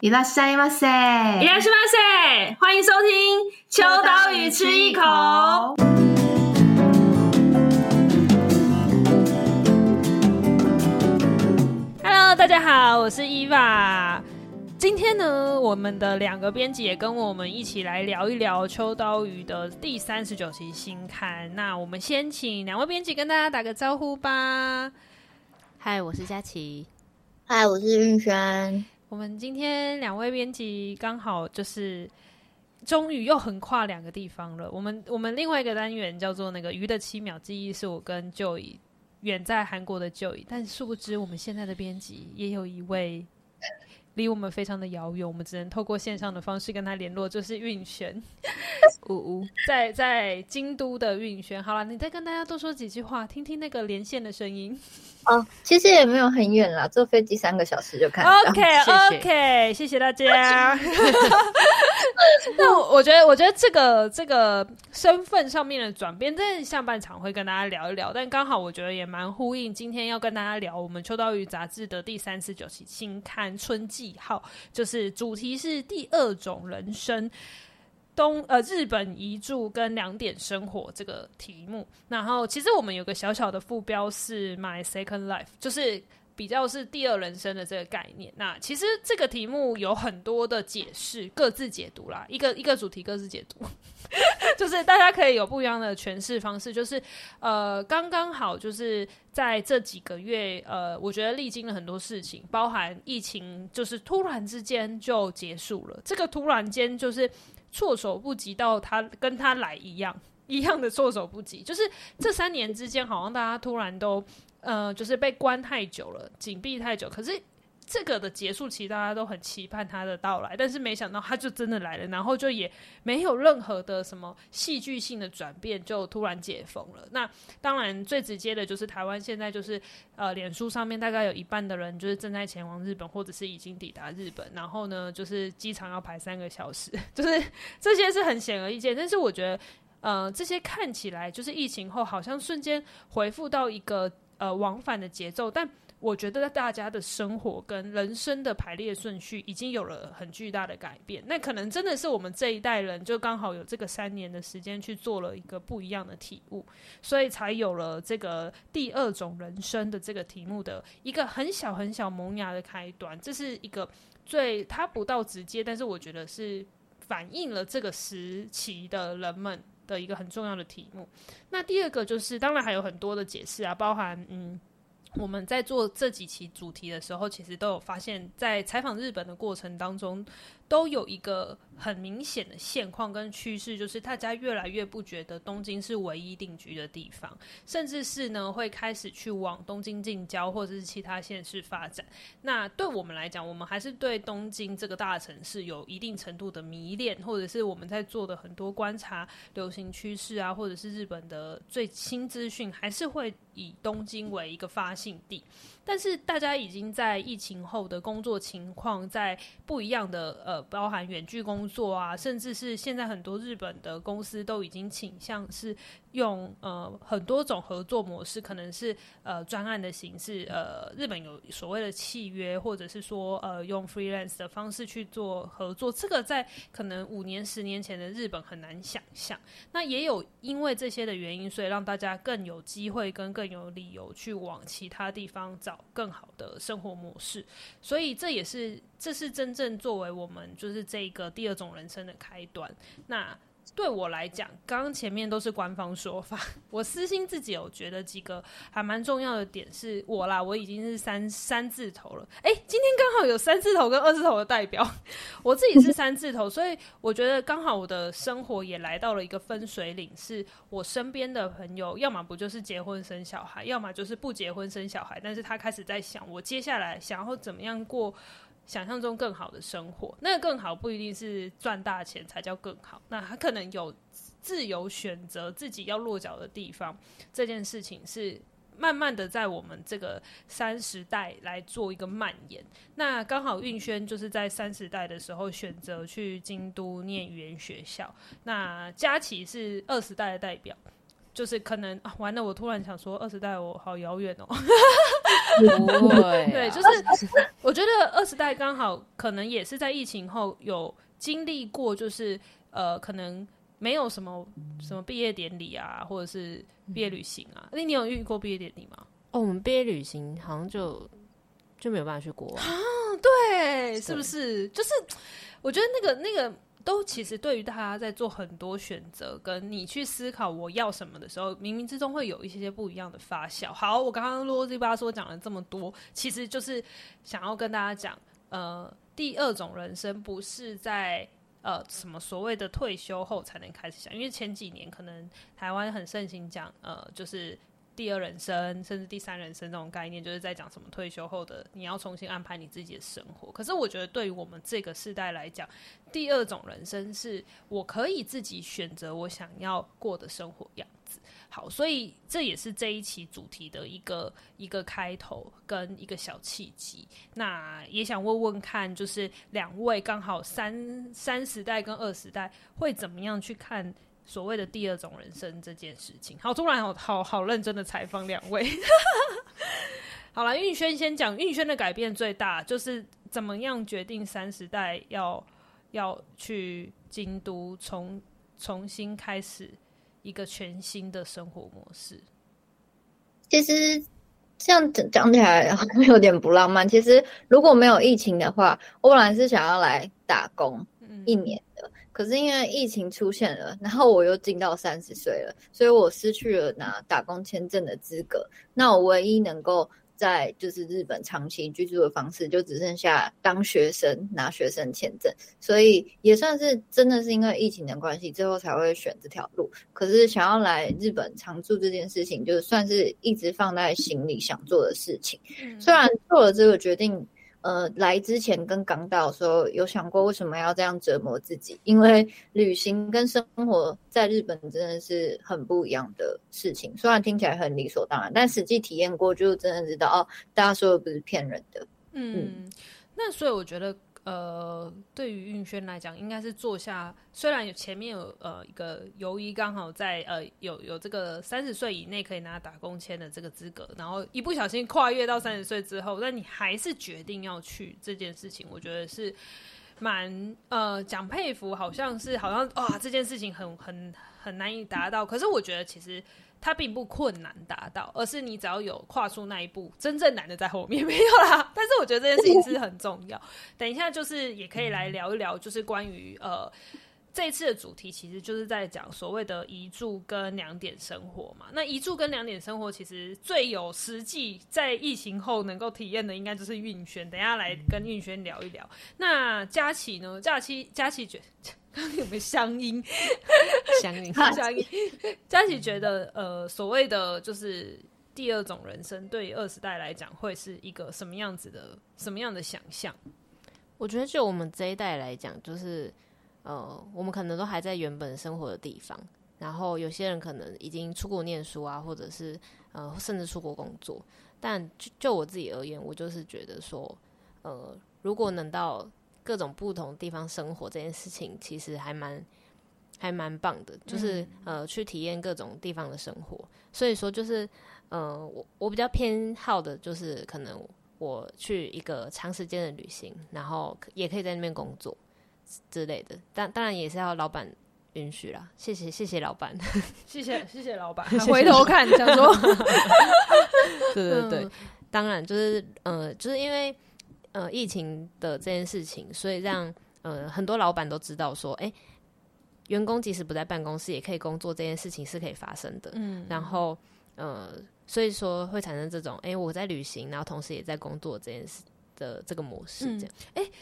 いらっしゃいませ。いらっしゃいませ。歡迎收聽秋《秋刀魚吃一口》。Hello，大家好，我是伊娃。今天呢，我們的兩個編輯也跟我們一起來聊一聊《秋刀魚》的第三十九期新刊。那我們先請兩位編輯跟大家打個招呼吧。嗨，我是佳琪。嗨，我是運軒。我們今天兩位編輯剛好就是終於又橫跨兩個地方了。我們我們另外一個單元叫做那個《魚的七秒記憶》，是我跟舊椅，遠在韓國的舊椅，但殊不知我們現在的編輯也有一位離我們非常的遙遠，我們只能透過線上的方式跟他聯絡，就是運璇，嗚 嗚 ，在在京都的運璇，好了，你再跟大家多說幾句話，聽聽那個連線的聲音。哦、其實也沒有很遠啦，坐飛機三個小時就看。OK，OK，、okay, 啊 okay, 謝，謝，okay, 謝謝大家。謝謝 那我，我覺得，我覺得這個這個身份上面的轉變，在下半場會跟大家聊一聊，但剛好我覺得也蠻呼應今天要跟大家聊我們秋刀魚雜誌的第三十九期新刊春季。好，就是主題是第二種人生，東呃日本移住跟兩點生活這個題目，然後其實我們有個小小的副標是 My Second Life，就是。比較是第二人生的這個概念。那其實這個題目有很多的解釋，各自解讀啦，一個一個主題各自解讀， 就是大家可以有不一樣的詮釋方式。就是呃，剛剛好就是在這幾個月，呃，我覺得歷經了很多事情，包含疫情，就是突然之間就結束了。這個突然間就是措手不及，到他跟他來一樣一樣的措手不及。就是這三年之間，好像大家突然都。呃，就是被關太久了，緊閉太久。可是這個的結束期，大家都很期盼他的到來，但是沒想到他就真的來了，然後就也沒有任何的什麼戲劇性的轉變，就突然解封了。那當然，最直接的就是台灣現在就是呃，臉書上面大概有一半的人就是正在前往日本，或者是已經抵達日本，然後呢，就是機場要排三個小時，就是這些是很顯而易見。但是我覺得，呃，這些看起來就是疫情後好像瞬間恢復到一個。呃，往返的節奏，但我覺得大家的生活跟人生的排列順序已經有了很巨大的改變。那可能真的是我們這一代人，就剛好有這個三年的時間去做了一個不一樣的體悟，所以才有了這個第二種人生的這個題目的一個很小很小萌芽的開端。這是一個最它不到直接，但是我覺得是反映了這個時期的人們的一個很重要的題目。那第二個就是，當然還有很多的解釋啊，包含嗯，我們在做這幾期主題的時候，其實都有發現，在採訪日本的過程當中。都有一個很明顯的現況跟趨勢，就是大家越來越不覺得東京是唯一定居的地方，甚至是呢，會開始去往東京近郊或者是其他縣市發展。那對我們來講，我們還是對東京這個大城市有一定程度的迷戀，或者是我們在做的很多觀察、流行趨勢啊，或者是日本的最新資訊，還是會以東京為一個發信地。但是大家已經在疫情後的工作情況，在不一樣的呃，包含遠距工作啊，甚至是現在很多日本的公司都已經傾向是。用呃，很多種合作模式，可能是呃專案的形式，呃日本有所謂的契約，或者是說呃用 freelance 的方式去做合作，這個在可能五年十年前的日本很難想象。那也有因為這些的原因，所以讓大家更有機會跟更有理由去往其他地方找更好的生活模式。所以這也是，這是真正作為我們就是這一個第二種人生的開端。那。對我來講，剛剛前面都是官方說法，我私心自己有覺得幾個還蠻重要的點，是我啦，我已經是三三字頭了。誒，今天剛好有三字頭跟二字頭的代表，我自己是三字頭，所以我覺得剛好我的生活也來到了一個分水嶺，是我身邊的朋友，要麼不就是結婚生小孩，要麼就是不結婚生小孩，但是他開始在想我接下來想要怎麼樣過。想象中更好的生活，那更好不一定是賺大錢才叫更好，那他可能有自由選擇自己要落腳的地方。這件事情是慢慢的在我們這個三十代來做一個蔓延。那剛好運軒就是在三十代的時候選擇去京都念語言學校，那佳琪是二十代的代表，就是可能啊，完了，我突然想說二十代我好遙遠哦。 對， 對，就是 我覺得二十代剛好可能也是在疫情後有經歷過，就是呃，可能沒有什麼什麼畢業典禮啊，或者是畢業旅行啊。那、嗯、你，你有遇過畢業典禮嗎？哦，我們畢業旅行好像就就沒有辦法去過。啊對，對，是不是？就是我覺得那個那個。都其實對於大家在做很多選擇，跟你去思考我要什麼的時候，冥冥之中會有一些些不一樣的發酵。好，我剛剛囉里吧嗦講了這麼多，其實就是想要跟大家講，呃，第二種人生不是在呃什麼所謂的退休後才能開始想，因為前幾年可能台灣很盛行講，呃，就是。第二人生，甚至第三人生這種概念，就是在講什麼退休後的你要重新安排你自己的生活。可是我覺得，對於我們這個世代來講，第二種人生是我可以自己選擇我想要過的生活樣子。好，所以這也是這一期主題的一個一個開頭跟一個小契機。那也想問問看，就是兩位剛好三三十代跟二十代會怎麼樣去看所謂的第二種人生這件事情，好，突然好好好認真的採訪兩位。 好了，韻軒先講，韻軒的改變最大就是怎麼樣決定三十代要要去京都從，從重新開始一個全新的生活模式。其實這樣講講起來好像有點不浪漫。其實如果沒有疫情的話，我本來是想要來打工、嗯、一年的。可是因為疫情出現了，然後我又進到三十歲了，所以我失去了拿打工簽證的資格。那我唯一能夠在就是日本長期居住的方式，就只剩下當學生拿學生簽證。所以也算是真的是因為疫情的關係，最後才會選這條路。可是想要來日本常住這件事情，就算是一直放在心裡想做的事情。雖然做了這個決定。呃，來之前跟港島說有想過，為什麼要這樣折磨自己，因為旅行跟生活在日本真的是很不一樣的事情。雖然聽起來很理所當然，但實際體驗過就真的知道哦，大家說的不是騙人的。嗯，嗯，那所以我覺得。呃，對於運軒來講，應該是坐下。雖然有前面有呃一個由於剛好在呃有有這個三十歲以內可以拿打工簽的這個資格，然後一不小心跨越到三十歲之後，那你還是決定要去這件事情，我覺得是蠻呃講佩服，好像是好像哇、啊，這件事情很很很難以達到，可是我覺得其實。它並不困難達到，而是你只要有跨出那一步，真正難的在後面沒有啦。但是我覺得這件事情是很重要。 等一下就是也可以來聊一聊，就是關於呃這一次的主題，其實就是在講所謂的“移住”跟“兩點生活”嘛。那移住跟兩點生活，其實最有實際在疫情後能夠體驗的，應該就是運軒。等一下來跟運軒聊一聊。那佳琪呢？佳琪佳琪覺。 有沒有鄉音？鄉 音相應，鄉 音相應。佳 琪覺得，呃，所謂的就是第二種人生，對於二十代來講，會是一個什麼樣子的？什麼樣的想象？我覺得，就我們這一代來講，就是，呃，我們可能都還在原本生活的地方，然後有些人可能已經出國念書啊，或者是，呃，甚至出國工作。但就就我自己而言，我就是覺得說，呃，如果能到。各種不同地方生活這件事情，其實還蠻還蠻棒的，嗯、就是呃，去體驗各種地方的生活。所以說，就是呃，我我比較偏好的就是，可能我，我去一個長時間的旅行，然後也可以在那邊工作之類的。當當然也是要老闆允許啦。謝謝謝謝老闆，謝謝謝謝老闆。 回頭看，想說 對對對、嗯，當然就是呃，就是因為。呃，疫情的這件事情，所以讓呃很多老板都知道說，哎、欸，員工即使不在辦公室也可以工作，這件事情是可以發生的。嗯，然後呃，所以說會產生這種，哎、欸，我在旅行，然後同時也在工作這件事的這個模式，嗯、這樣。哎、欸，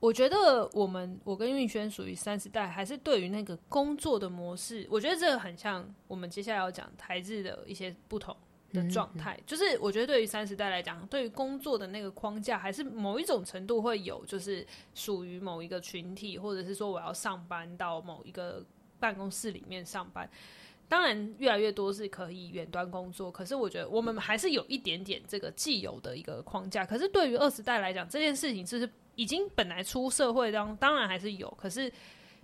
我覺得我們我跟運軒屬於三十代，還是對於那個工作的模式，我覺得這個很像我們接下來要講台日的一些不同。的狀態，嗯，就是我覺得對於三十代來講，對於工作的那個框架，還是某一種程度會有，就是屬於某一個群體，或者是說我要上班到某一個辦公室裡面上班。當然，越來越多是可以遠端工作，可是我覺得我們還是有一點點這個既有的一個框架。可是對於二十代來講，這件事情就是已經本來出社會當當然還是有，可是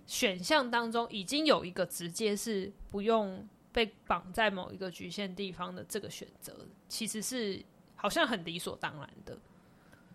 選項當中已經有一個直接是不用。被綁在某一個局限地方的這個選擇，其實是好像很理所當然的。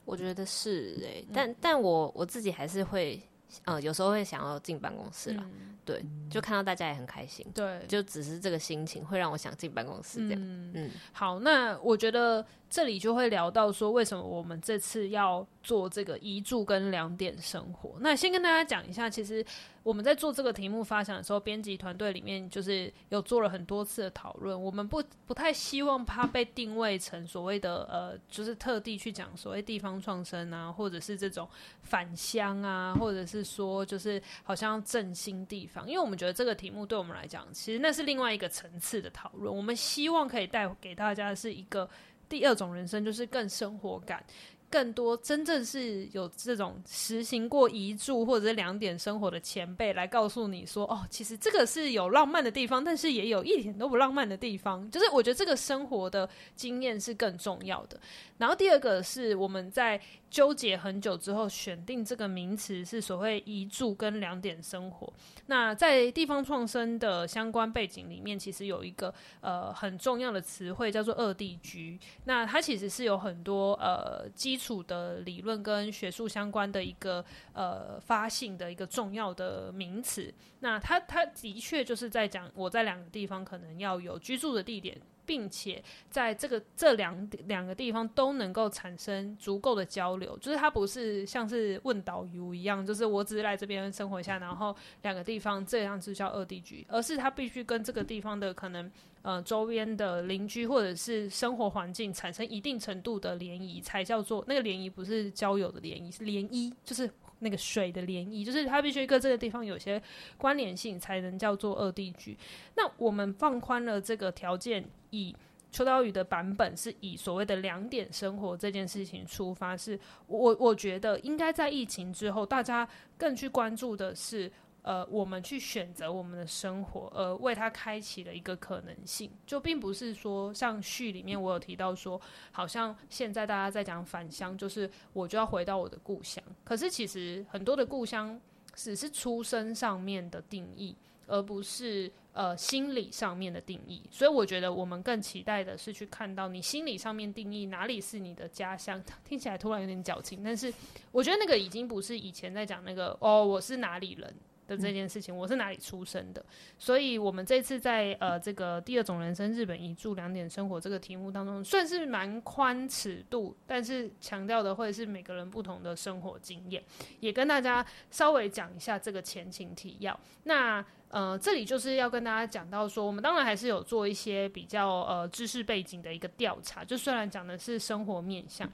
我覺得是誒、欸、嗯，但但我我自己還是會，呃，有時候會想要進辦公室啦、嗯。對，就看到大家也很開心。對，就只是這個心情會讓我想進辦公室這樣嗯。嗯，好，那我覺得。這裡就會聊到說，為什麼我們這次要做這個移住跟兩點生活？那先跟大家講一下，其實我們在做這個題目發想的時候，編輯團隊裡面就是有做了很多次的討論。我們不不太希望它被定位成所謂的呃，就是特地去講所謂地方創生啊，或者是這種返鄉啊，或者是說就是好像振興地方，因為我們覺得這個題目對我們來講，其實那是另外一個層次的討論。我們希望可以帶給大家的是一個。第二種人生就是更生活感，更多真正是有這種實行過移住或者是兩點生活的前輩來告訴你說，哦，其實這個是有浪漫的地方，但是也有一點都不浪漫的地方。就是我覺得這個生活的經驗是更重要的。然後第二個是我們在。糾結很久之後，選定這個名詞是所謂移住跟兩點生活。那在地方創生的相關背景裡面，其實有一個呃很重要的詞彙叫做二地居。那它其實是有很多呃基礎的理論跟學術相關的一個呃發性的一個重要的名詞。那它它的確就是在講我在兩個地方可能要有居住的地點。並且在這個這兩兩個地方都能夠產生足夠的交流，就是它不是像是問導遊一樣，就是我只是來這邊生活一下，然後兩個地方這樣子叫二地居，而是它必須跟這個地方的可能呃周邊的鄰居或者是生活環境產生一定程度的漣漪，才叫做那個漣漪不是交友的聯誼，是漣漪就是。那個水的漣漪，就是它必須跟這個地方有些關聯性，才能叫做二地居。那我們放寬了這個條件，以秋刀魚的版本是以所謂的兩點生活這件事情出發，是我我覺得應該在疫情之後，大家更去關注的是。呃，我們去選擇我們的生活，而為它開啟了一個可能性，就並不是說像序裡面我有提到說，好像現在大家在講返鄉，就是我就要回到我的故鄉。可是其實很多的故鄉只是出生上面的定義，而不是呃心理上面的定義。所以我覺得我們更期待的是去看到你心理上面定義哪裡是你的家鄉。聽起來突然有點矯情，但是我覺得那個已經不是以前在講那個哦，我是哪裡人。這件事情，我是哪裡出生的？所以，我們這次在呃這個第二種人生，日本移住兩點生活這個題目當中，算是蠻寬尺度，但是強調的會是每個人不同的生活經驗。也跟大家稍微講一下這個前情提要。那呃，這裡就是要跟大家講到說，我們當然還是有做一些比較呃知識背景的一個調查，就雖然講的是生活面向。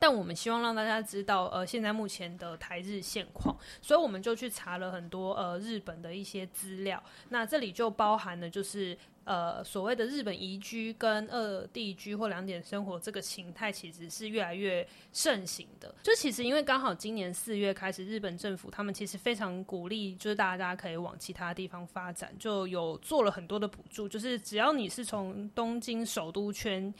但我們希望讓大家知道，呃，現在目前的台日現況，所以我們就去查了很多呃日本的一些資料。那這裡就包含的就是，呃，所謂的日本移居跟二地居或兩點生活這個形態，其實是越來越盛行的。就其實因為剛好今年四月開始，日本政府他們其實非常鼓勵，就是大家大家可以往其他地方發展，就有做了很多的補助，就是只要你是從東京首都圈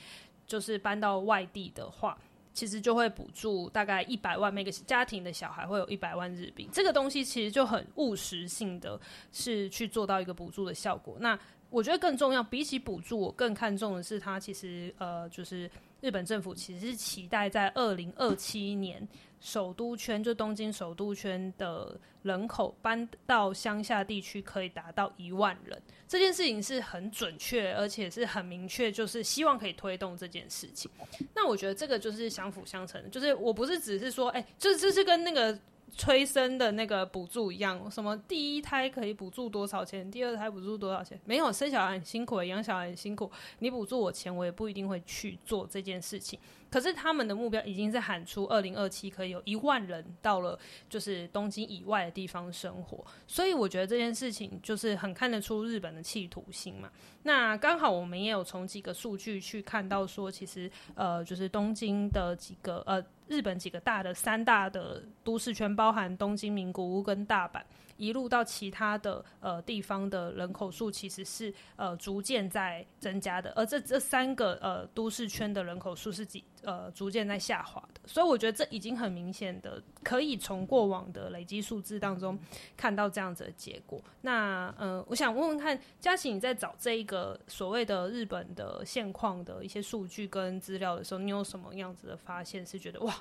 就是搬到外地的話。其實就會補助大概一百萬，每個家庭的小孩會有一百萬日幣。這個東西其實就很務實性的，是去做到一個補助的效果。那我覺得更重要，比起補助，我更看重的是它其實，呃，就是。日本政府其實是期待在二零二七年首都圈，就東京首都圈的人口搬到鄉下地區，可以達到一萬人。這件事情是很準確，而且是很明確，就是希望可以推動這件事情。那我覺得這個就是相輔相成，就是我不是只是說，哎、欸，這這、就是跟那個。催生的那個補助一樣，什麼第一胎可以補助多少錢，第二胎補助多少錢。沒有生小孩很辛苦，養小孩很辛苦，你補助我錢，我也不一定會去做這件事情。可是他們的目標已經是喊出，二零二七可以有一萬人到了，就是東京以外的地方生活。所以我覺得這件事情就是很看得出日本的企圖心嘛。那剛好我們也有從幾個數據去看到說，其實呃，就是東京的幾個呃，日本幾個大的三大的都市圈，包含東京、名古屋跟大阪。移入到其他的呃地方的人口數其實是呃逐漸在增加的，而這這三個呃都市圈的人口數是幾呃逐漸在下滑的，所以我覺得這已經很明顯的可以從過往的累積數字當中看到這樣子的結果。那呃，我想問問看嘉琪，你在找這一個所謂的日本的現況的一些數據跟資料的時候，你有什麼樣子的發現？是覺得哇，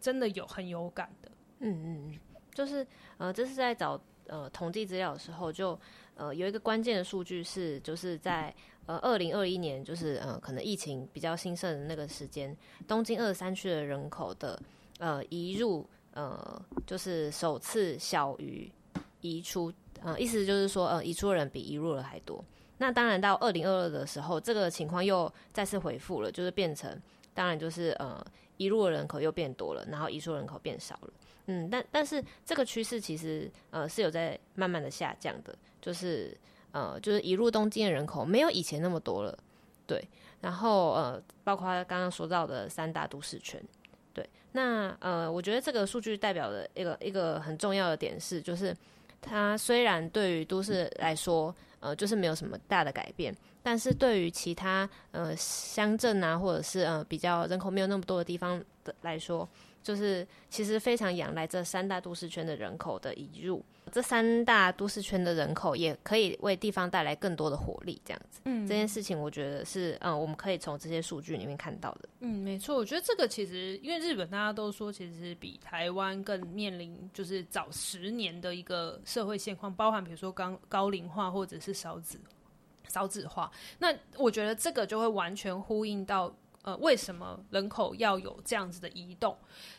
真的有很有感的？嗯嗯嗯，就是呃這是在找。呃，統計資料的時候就，就呃有一個關鍵的數據是，就是在呃二零二一年，就是呃可能疫情比較興盛的那個時間，東京二三區的人口的呃移入呃就是首次小於移出，呃意思就是說呃移出的人比移入的還多。那當然到二零二二的時候，這個情況又再次回復了，就是變成當然就是呃移入的人口又變多了，然後移出的人口變少了。嗯，但但是這個趨勢其實呃是有在慢慢的下降的，就是呃就是移入東京的人口沒有以前那麼多了，對，然後呃包括剛剛說到的三大都市圈，對，那呃我覺得這個數據代表的一個一個很重要的點是，就是它雖然對於都市來說呃就是沒有什麼大的改變，但是對於其他呃鄉鎮啊或者是呃比較人口沒有那麼多的地方的來說。就是其實非常仰賴這三大都市圈的人口的移入，這三大都市圈的人口也可以為地方帶來更多的活力，這樣子。嗯，這件事情我覺得是嗯，我們可以從這些數據裡面看到的。嗯，沒錯，我覺得這個其實因為日本大家都說，其實是比台灣更面臨就是早十年的一個社會現況，包含比如說剛高齡化或者是少子少子化，那我覺得這個就會完全呼應到。呃，為什麼人口要有這樣子的移動？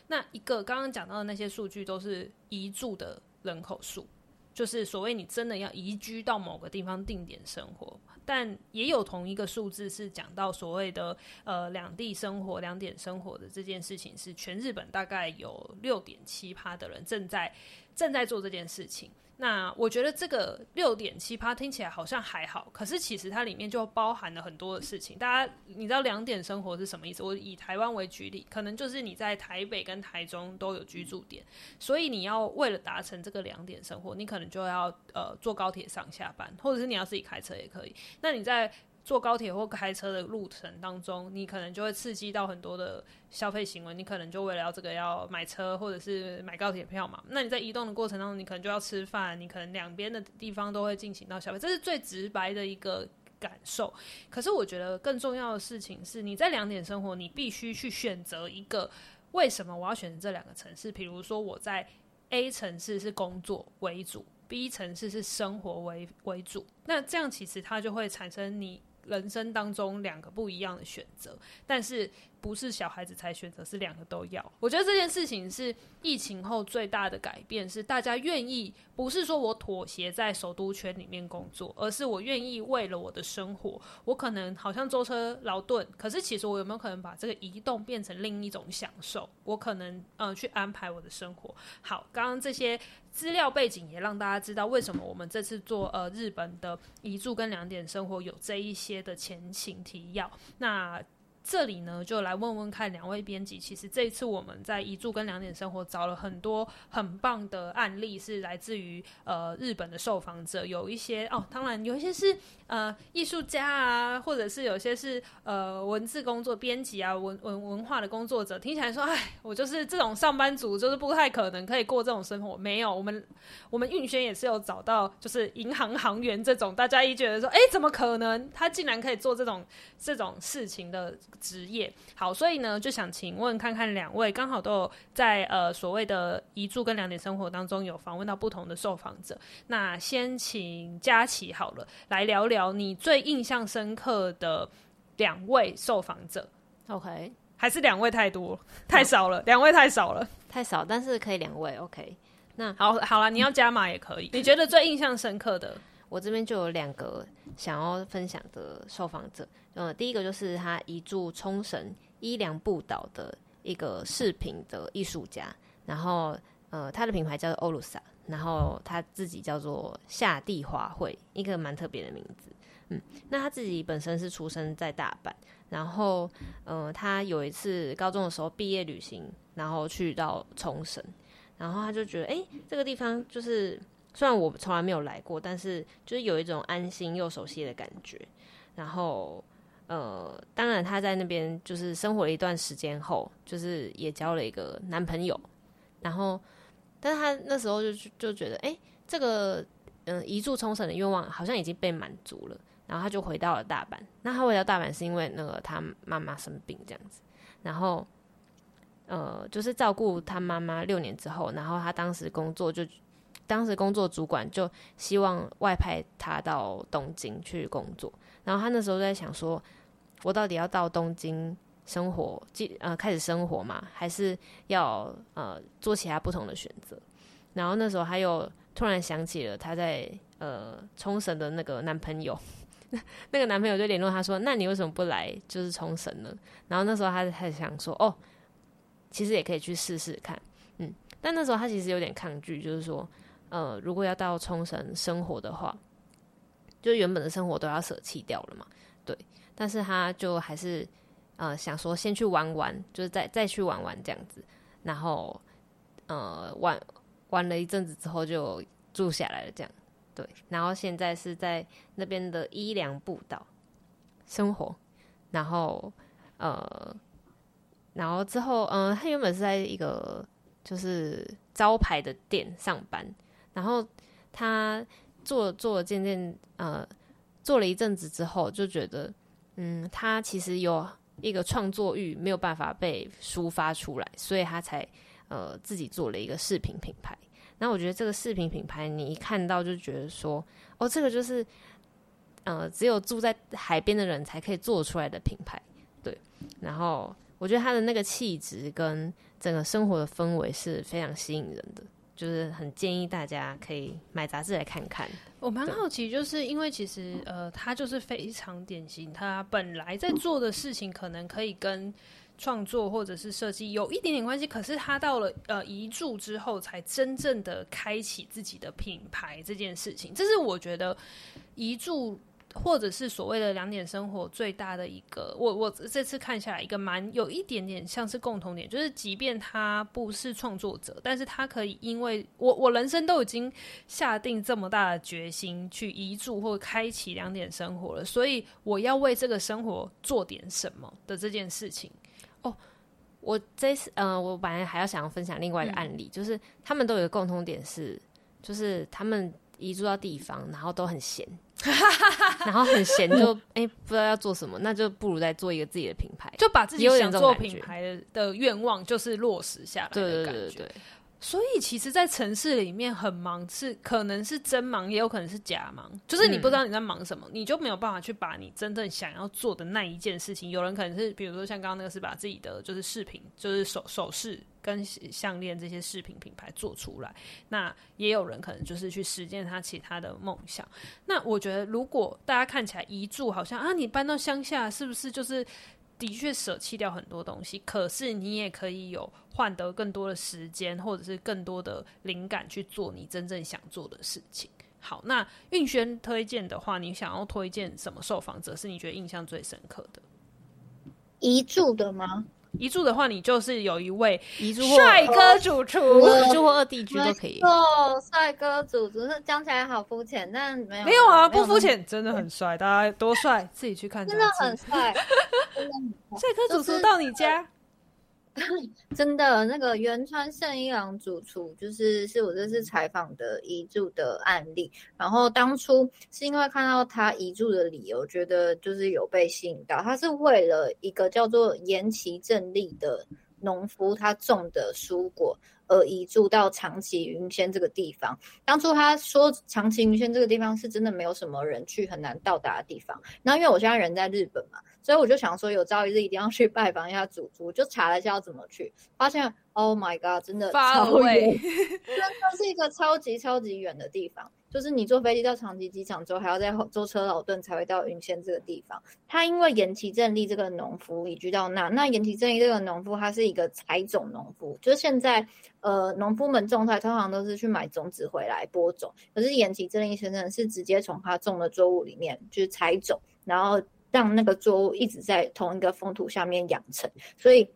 那一個剛剛講到的那些數據都是移住的人口數，就是所謂你真的要移居到某個地方定點生活。但也有同一個數字是講到所謂的呃兩地生活、兩點生活的這件事情，是全日本大概有六點七趴的人正在。正在做這件事情，那我覺得這個六點七趴聽起來好像還好，可是其實它裡面就包含了很多的事情。大家你知道兩點生活是什麼意思？我以台灣為舉例，可能就是你在台北跟台中都有居住點，所以你要為了達成這個兩點生活，你可能就要呃坐高鐵上下班，或者是你要自己開車也可以。那你在。坐高鐵或開車的路程當中，你可能就會刺激到很多的消費行為。你可能就為了要這個要買車，或者是買高鐵票嘛。那你在移動的過程當中，你可能就要吃飯，你可能兩邊的地方都會進行到消費，這是最直白的一個感受。可是我覺得更重要的事情是，你在兩點生活，你必須去選擇一個為什麼我要選擇這兩個城市？比如說我在 A 城市是工作為主，B 城市是生活為為主。那這樣其實它就會產生你。人生當中兩個不一樣的選擇，但是。不是小孩子才選擇，是兩個都要。我覺得這件事情是疫情後最大的改變，是大家願意，不是說我妥協在首都圈裡面工作，而是我願意為了我的生活，我可能好像舟車勞頓，可是其實我有沒有可能把這個移動變成另一種享受？我可能嗯、呃、去安排我的生活。好，剛剛這些資料背景也讓大家知道為什麼我們這次做呃日本的移住跟兩點生活有這一些的前情提要。那這裡呢，就來問問看兩位編輯，其實這一次我們在《移住》跟《兩點生活》找了很多很棒的案例，是來自於呃日本的受訪者，有一些哦，當然有一些是。呃，藝術家啊，或者是有些是呃文字工作、編輯啊，文文文化的工作者，聽起來說，哎，我就是這種上班族，就是不太可能可以過這種生活。沒有，我們我們運軒也是有找到，就是銀行行員這種，大家一覺得說，哎、欸，怎麼可能？他竟然可以做這種這種事情的職業？好，所以呢，就想請問看看兩位，剛好都有在呃所謂的移住跟兩點生活當中有訪問到不同的受訪者。那先請佳琪好了，來聊聊。你最印象深刻的兩位受訪者，OK？還是兩位太多太少了？兩、哦、位太少了，太少，但是可以兩位，OK？那好好了、啊，你要加碼也可以。 你覺得最印象深刻的，我這邊就有兩個想要分享的受訪者。嗯，第一個就是他移住沖繩伊良部島的一個飾品的藝術家，然後呃，他的品牌叫做歐魯薩，然後他自己叫做下地華會，一個蠻特別的名字。嗯，那他自己本身是出生在大阪，然後，嗯、呃，他有一次高中的時候畢業旅行，然後去到沖繩，然後他就覺得，哎、欸，這個地方就是雖然我從來沒有來過，但是就是有一種安心又熟悉的感覺。然後，呃，當然他在那邊就是生活了一段時間後，就是也交了一個男朋友，然後，但是他那時候就就覺得，哎、欸，這個嗯、呃，移住沖繩的願望好像已經被滿足了。然後他就回到了大阪。那他回到大阪是因為那個他媽媽生病這樣子。然後，呃，就是照顧他媽媽六年之後，然後他當時工作就，當時工作主管就希望外派他到東京去工作。然後他那時候就在想說，我到底要到東京生活，即呃開始生活嘛，還是要呃做其他不同的選擇？然後那時候他又突然想起了他在呃沖繩的那個男朋友。 那個男朋友就聯絡他說：“那你為什麼不來就是沖繩呢？”然後那時候他他想說：“哦，其實也可以去試試看，嗯。”但那時候他其實有點抗拒，就是說：“呃，如果要到沖繩生活的話，就原本的生活都要捨棄掉了嘛。”對。但是他就還是呃想說先去玩玩，就是再再去玩玩這樣子。然後呃玩玩了一陣子之後就住下來了，這樣子。對，然後現在是在那邊的伊良部島生活，然後呃，然後之後，嗯、呃，他原本是在一個就是招牌的店上班，然後他做做漸漸呃做了一陣子之後，就覺得嗯，他其實有一個創作欲沒有辦法被抒發出來，所以他才呃自己做了一個飾品、品牌。那我覺得這個飾品品，品牌，你一看到就覺得說，哦，這個就是，呃，只有住在海邊的人才可以做出來的品牌，對。然後我覺得他的那個氣質跟整個生活的氛圍是非常吸引人的，就是很建議大家可以買雜誌來看看。我蠻好奇，就是因為其實呃，他就是非常典型，他本來在做的事情可能可以跟。創作或者是設計有一點點關係，可是他到了呃移住，之後才真正的開啟自己的品牌這件事情。這是我覺得移住或者是所謂的兩點生活最大的一個。我我這次看下來，一個蠻有一點點像是共同點，就是即便他不是創作者，但是他可以因為我我人生都已經下定這麼大的決心去移住或開啟兩點生活了，所以我要為這個生活做點什麼的這件事情。哦，我這次呃，我本來還要想要分享另外一個案例，嗯、就是他們都有一個共同點是，就是他們移住到地方，然後都很閒， 然後很閒就哎、 欸、不知道要做什麼，那就不如再做一個自己的品牌，就把自己想做品牌的願望，就是落實下來的感覺。對對對，對對對。所以，其實，在城市裡面很忙，是可能是真忙，也有可能是假忙。就是你不知道你在忙什麼，嗯，你就沒有辦法去把你真正想要做的那一件事情。有人可能是，比如說像剛剛那個，是把自己的就是飾品，就是手首飾跟項鏈這些飾品品牌做出來。那也有人可能就是去實踐他其他的夢想。那我覺得，如果大家看起來移住，好像啊，你搬到鄉下，是不是就是？的確捨棄掉很多東西，可是你也可以有換得更多的時間，或者是更多的靈感去做你真正想做的事情。好，那運軒推薦的話，你想要推薦什麼受訪者？是你覺得印象最深刻的？移住的嗎？移住的話，你就是有一位帥哥主廚，移住或二地居都可以哦。帥哥主廚，是講起來好膚淺，但沒有沒有啊，不膚淺，真的很帥，大家多帥，自己去看。真的很帥，帥 很 哥主廚到你家。就是就是 真的，那個原川聖一郎主廚就是是我這次採訪的移住的案例。然後當初是因為看到他移住的理由，覺得就是有被吸引到。他是為了一個叫做岩崎政利的農夫，他種的蔬果而移住到長崎雲仙這個地方。當初他說長崎雲仙這個地方是真的沒有什麼人去，很難到達的地方。然後因為我現在人在日本嘛。所以我就想說，有朝一日一定要去拜訪一下祖父。就查了一下要怎麼去，發現 Oh my God，真的發超遠， 真的是一個超級超級遠的地方。就是你坐飛機到長崎機場之後，還要再坐車勞頓才會到雲仙這個地方。他因為岩崎正利這個農夫移居到那，那岩崎正利這個農夫他是一個採種農夫，就是現在呃農夫們種菜通常都是去買種子回來播種，可是岩崎正利先生是直接從他種的作物裡面就是採種，然後。讓那個作物一直在同一個風土下面養成，所以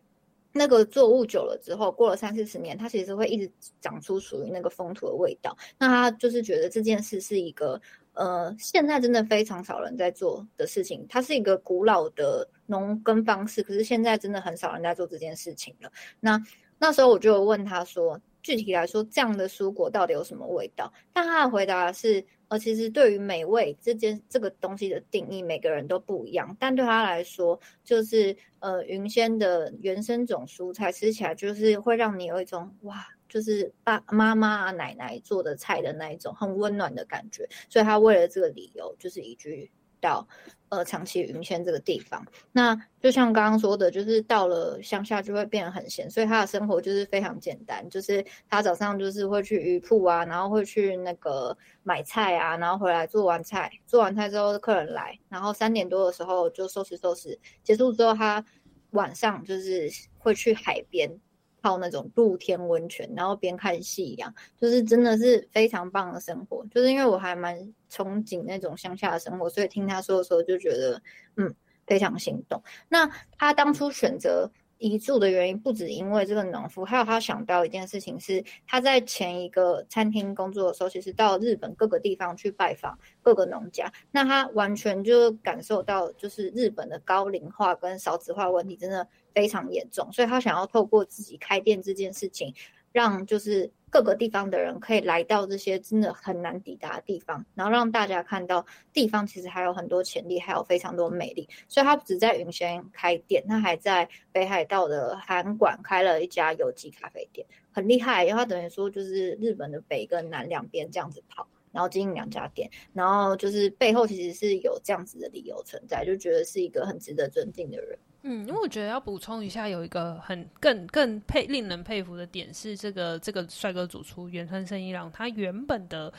那個作物久了之後，過了三四十年，它其實會一直長出屬於那個風土的味道。那他就是覺得這件事是一個，呃，現在真的非常少人在做的事情。它是一個古老的農耕方式，可是現在真的很少人在做這件事情了。那那時候我就問他說，具體來說，這樣的蔬果到底有什麼味道？但他的回答是。而其實對於美味這件這個東西的定義，每個人都不一樣。但對他來說，就是呃，雲仙的原生種蔬菜，吃起來就是會讓你有一種哇，就是爸爸媽媽啊，奶奶做的菜的那一種很溫暖的感覺。所以他為了這個理由，就是移居到。和長崎雲仙這個地方，那就像剛剛說的，就是到了鄉下就會變得很閒，所以他的生活就是非常簡單，就是他早上就是會去魚鋪啊，然後會去那個買菜啊，然後回來做完菜，做完菜之後客人來，然後三點多的時候就收拾收拾，結束之後他晚上就是會去海邊。泡那種露天溫泉，然後邊看戲一樣，就是真的是非常棒的生活。就是因為我還蠻憧憬那種鄉下的生活，所以聽他說的時候就覺得，嗯，非常心動。那他當初選擇移住的原因，不只因為這個農夫，還有他想到一件事情是，他在前一個餐廳工作的時候，其實到日本各個地方去拜訪各個農家，那他完全就感受到，就是日本的高齡化跟少子化問題，真的，非常嚴重，所以他想要透過自己開店這件事情，讓就是各個地方的人可以來到這些真的很難抵達的地方，然後讓大家看到地方其實還有很多潛力，還有非常多魅力。所以他不只在雲仙開店，他還在北海道的函館開了一家有機咖啡店，很厲害。因為他等於說就是日本的北跟南兩邊這樣子跑，然後經營兩家店，然後就是背後其實是有這樣子的理由存在，就覺得是一個很值得尊敬的人。嗯，因為我覺得要補充一下，有一個很更更佩令人佩服的點是，這個這個帥哥主廚原川勝一郎，他原本的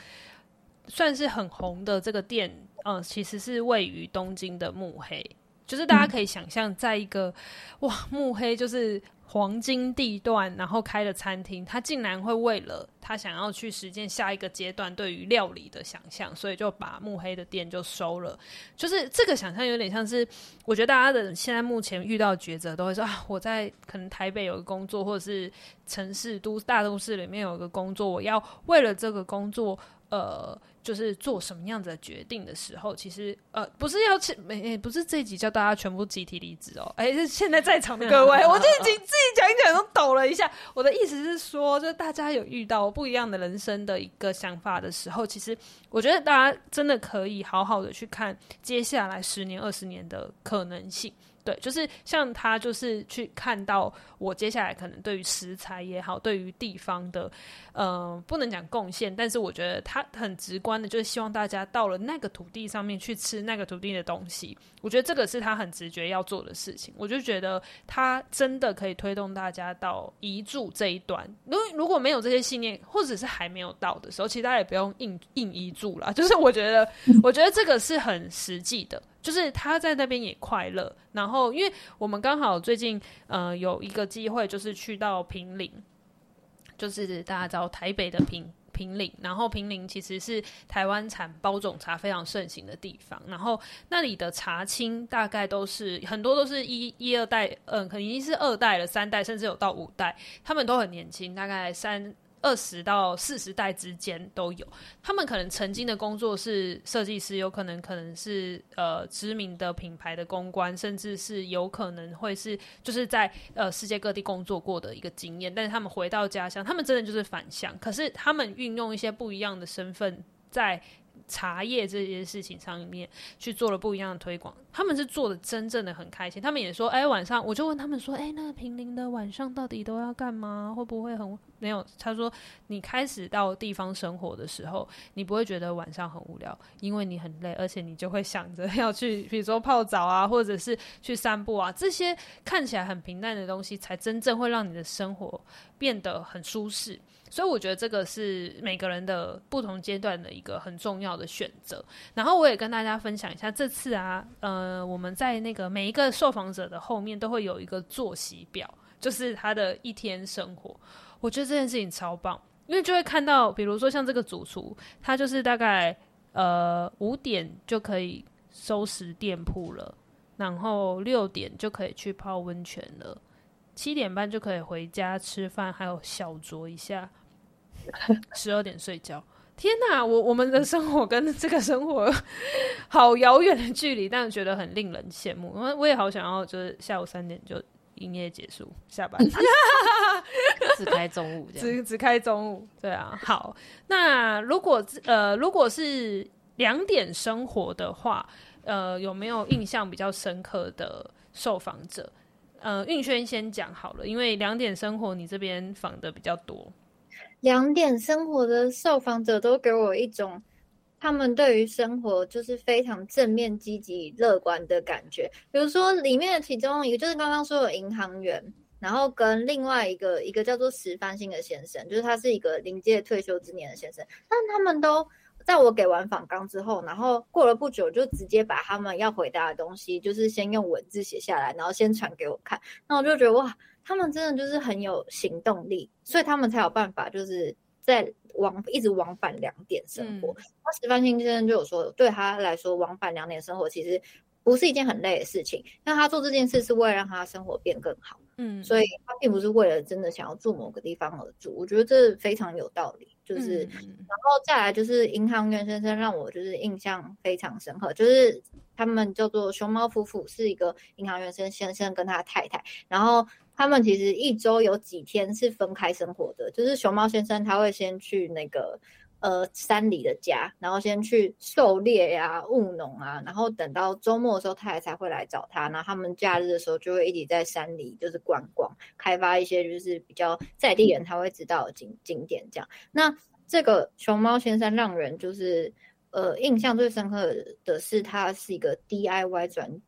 算是很紅的這個店，嗯，其實是位於東京的目黑，就是大家可以想象，在一個、嗯、哇目黑就是。黃金地段，然後開了餐廳，他竟然會為了他想要去實踐下一個階段對於料理的想象，所以就把目黑的店就收了。就是這個想象有點像是，我覺得大家的現在目前遇到抉擇，都會說啊，我在可能台北有個工作，或者是城市都大都市裡面有一個工作，我要為了這個工作，呃。就是做什麼樣子的決定的時候，其實呃，不是要去、欸，不是這一集叫大家全部集體離職哦。誒、欸，是現在在場的各位， 我自己自己講一講都抖了一下。 我的意思是說，就大家有遇到不一樣的人生的一個想法的時候，其實我覺得大家真的可以好好的去看接下來十年、二十年的可能性。對，就是像他，就是去看到我接下來可能對於食材也好，對於地方的，嗯、呃，不能講貢獻，但是我覺得他很直觀的，就是希望大家到了那個土地上面去吃那個土地的東西。我覺得這個是他很直覺要做的事情。我就覺得他真的可以推動大家到移住這一端。如果如果沒有這些信念，或者是還沒有到的時候，其實大家也不用硬硬移住了。就是我覺得，我覺得這個是很實際的。就是他在那邊也快樂，然後因為我們剛好最近呃有一個機會，就是去到坪林。就是大家知道台北的平坪林，然後坪林其實是台灣產包種茶非常盛行的地方，然後那裡的茶青大概都是很多都是一一二代，嗯，可能是二代了，三代甚至有到五代，他們都很年輕，大概三。二十到四十代之間都有，他們可能曾經的工作是設計師，有可能可能是呃知名的品牌的公關，甚至是有可能會是就是在呃世界各地工作過的一個經驗。但是他們回到家鄉，他們真的就是返鄉，可是他們運用一些不一樣的身份在。茶葉這些事情上面去做了不一樣的推廣，他們是做得真正的很開心。他們也說，哎、欸，晚上我就問他們說，哎、欸，那平林的晚上到底都要幹嘛？會不會很沒有？他說，你開始到地方生活的時候，你不會覺得晚上很無聊，因為你很累，而且你就會想着要去，比如說泡澡啊，或者是去散步啊，這些看起來很平淡的東西，才真正會讓你的生活變得很舒適。所以我覺得這個是每個人的不同階段的一個很重要的選擇。然後我也跟大家分享一下，這次啊，呃，我們在那個每一個受訪者的後面都會有一個作息表，就是他的一天生活。我覺得這件事情超棒，因為就會看到，比如說像這個主廚，他就是大概呃五點就可以收拾店鋪了，然後六點就可以去泡溫泉了。七點半就可以回家吃飯，還有小酌一下，十二點睡覺。 天哪、啊，我我們的生活跟這個生活好遙遠的距離，但是覺得很令人羨慕。我我也好想要，就是下午三點就營業結束下班 只、只開中午這樣，只、只開中午。對啊，好。那如果呃，如果是兩點生活的話，呃，有沒有印象比較深刻的受訪者？呃，運軒先講好了，因為兩點生活你這邊訪的比較多。兩點生活的受訪者都給我一種他們對於生活就是非常正面、積極、樂觀的感覺。比如說裡面的其中一個就是剛剛說的銀行員，然後跟另外一個一個叫做石帆星的先生，就是他是一個臨屆退休之年的先生，但他們都。在我給完訪綱之後，然後過了不久，就直接把他們要回答的東西，就是先用文字寫下來，然後先傳給我看。那我就覺得，哇，他們真的就是很有行動力，所以他們才有辦法，就是在往一直往返兩點生活。那、嗯啊、石番新先生就有說，對他來說，往返兩點生活其實不是一件很累的事情，那他做這件事是為了讓他生活變更好。嗯，所以他並不是為了真的想要住某個地方而住。我覺得這非常有道理。就是、嗯，然後再來就是銀行員先生讓我就是印象非常深刻，就是他們叫做熊貓夫婦，是一個銀行員先先生跟他的太太，然後他們其實一週有幾天是分開生活的，就是熊貓先生他會先去那個。呃，山裡的家，然後先去狩獵呀、啊、務農啊，然後等到周末的時候，太太才會來找他。然後他們假日的時候，就會一起在山裡就是觀光，開發一些就是比較在地人他會知道的景景點這樣。那這個熊貓先生讓人就是呃印象最深刻的是，他是一個 D I Y 專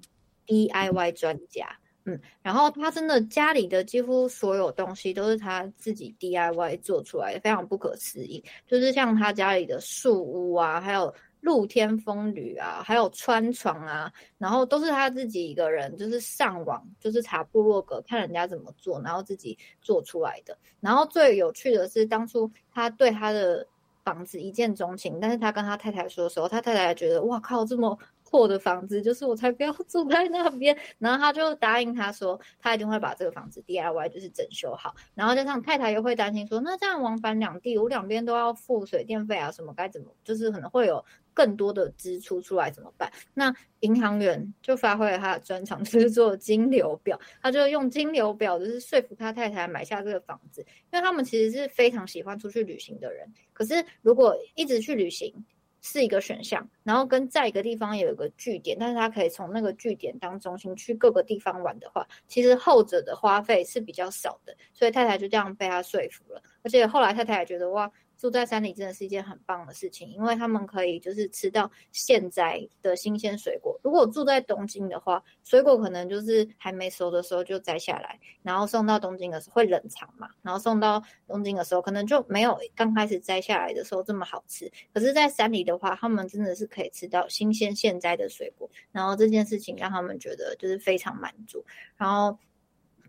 D I Y 專家。嗯，然後他真的家裡的幾乎所有東西都是他自己 DIY 做出來的，非常不可思議。就是像他家裡的樹屋啊，還有露天風呂啊，還有川床啊，然後都是他自己一個人，就是上網就是查部落格，看人家怎麼做，然後自己做出來的。然後最有趣的是，當初他對他的房子一見鍾情，但是他跟他太太說的時候，他太太覺得哇靠，這麼。破的房子，就是我才不要住在那邊。然後他就答應他說，他一定會把這個房子 DIY，就是整修好。然後加上太太又會擔心說，那這樣往返兩地，我兩邊都要付水電費啊，什麼該怎麼，就是可能會有更多的支出出來，怎麼辦？那銀行員就發揮了他的專長，就是做金流表。他就用金流表，就是說服他太太買下這個房子，因為他們其實是非常喜歡出去旅行的人。可是如果一直去旅行，是一個選項，然後跟在一個地方也有一個據點，但是他可以從那個據點當中心去各個地方玩的話，其實後者的花費是比較少的，所以太太就這樣被他說服了，而且後來太太也覺得哇。住在山裡真的是一件很棒的事情，因為他們可以就是吃到現摘的新鮮水果。如果住在東京的話，水果可能就是還沒熟的時候就摘下來，然後送到東京的時候會冷藏嘛，然後送到東京的時候可能就沒有剛開始摘下來的時候這麼好吃。可是，在山裡的話，他們真的是可以吃到新鮮現摘的水果，然後這件事情讓他們覺得就是非常滿足。然後，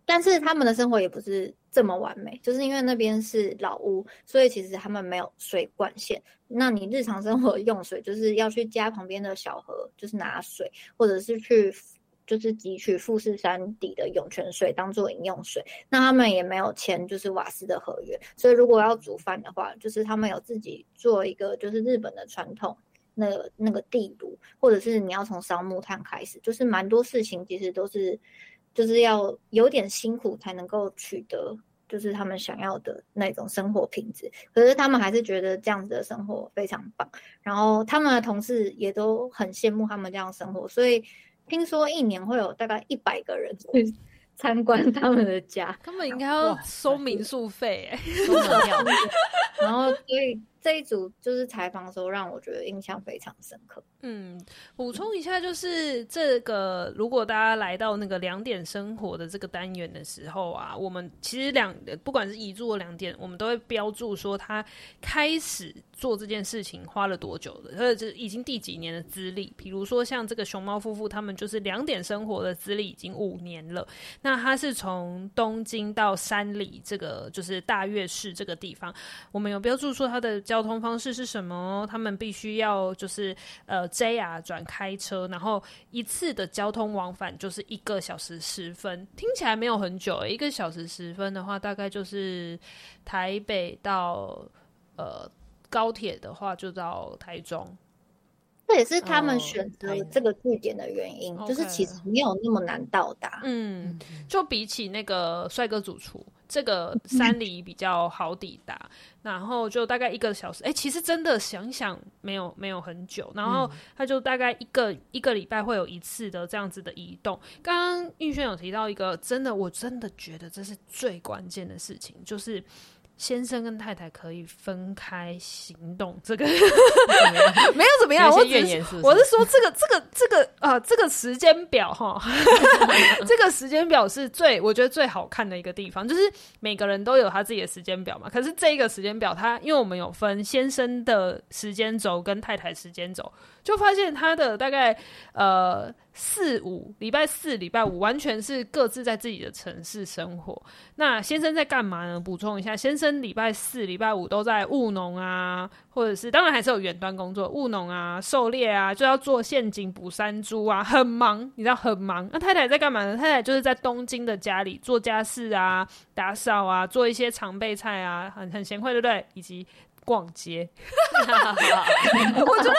但是他們的生活也不是。這麼完美，就是因為那邊是老屋，所以其實他們沒有水管線。那你日常生活用水，就是要去家旁邊的小河，就是拿水，或者是去就是汲取富士山底的湧泉水當做飲用水。那他們也沒有簽就是瓦斯的合約，所以如果要煮飯的話，就是他們有自己做一個就是日本的傳統那個、那個地爐，或者是你要從燒木炭開始，就是蠻多事情其實都是。就是要有點辛苦才能夠取得，就是他們想要的那種生活品質。可是他們還是覺得這樣子的生活非常棒，然後他們的同事也都很羨慕他們這樣的生活。所以聽說一年會有大概一百個人去參觀他們的家， 他們應該要收民宿費、欸，受然後所以。這一組就是採訪的時候讓我覺得印象非常深刻。嗯，補充一下，就是這個如果大家來到那個兩點生活的這個單元的時候啊，我們其實兩不管是移住兩點，我們都會標註說他開始做這件事情花了多久的，或者就已經第幾年的資歷。比如說像這個熊貓夫婦，他們就是兩點生活的資歷已經五年了。那他是從東京到山裡，這個就是大月市這個地方，我們有標註說他的。交通方式是什麼？他們必須要就是呃，JR 轉開車，然後一次的交通往返就是一個小時十分，聽起來沒有很久，欸。一個小時十分的話，大概就是台北到呃高鐵的話就到台中，這也是他們選擇這個地點的原因，哦，就是其實沒有那麼難到達。Okay. 嗯，就比起那個帥哥主廚。這個山裡比較好抵達，然後就大概一個小時。哎、欸，其實真的想一想，沒有沒有很久。然後他就大概一個、嗯、一個禮拜會有一次的這樣子的移動。剛剛玉軒有提到一個，真的我真的覺得這是最關鍵的事情，就是。先生跟太太可以分開行動，這個、嗯、 沒有怎麼樣，是是我是我是說這個這個這個啊、呃，這個時間表哈，齁 這個時間表是最我覺得最好看的一個地方，就是每個人都有他自己的時間表嘛。可是這個時間表它，他因為我們有分先生的時間軸跟太太時間軸。就發現他的大概，呃，四五禮拜四、禮拜五完全是各自在自己的城市生活。那先生在幹嘛呢？補充一下，先生禮拜四、禮拜五都在務農啊，或者是當然還是有遠端工作務農啊、狩獵啊，就要做陷阱，捕山豬啊，很忙，你知道很忙。那太太在幹嘛呢？太太就是在東京的家裡做家事啊、打掃啊、做一些常備菜啊，很很賢惠，對不對？以及逛街， 我覺得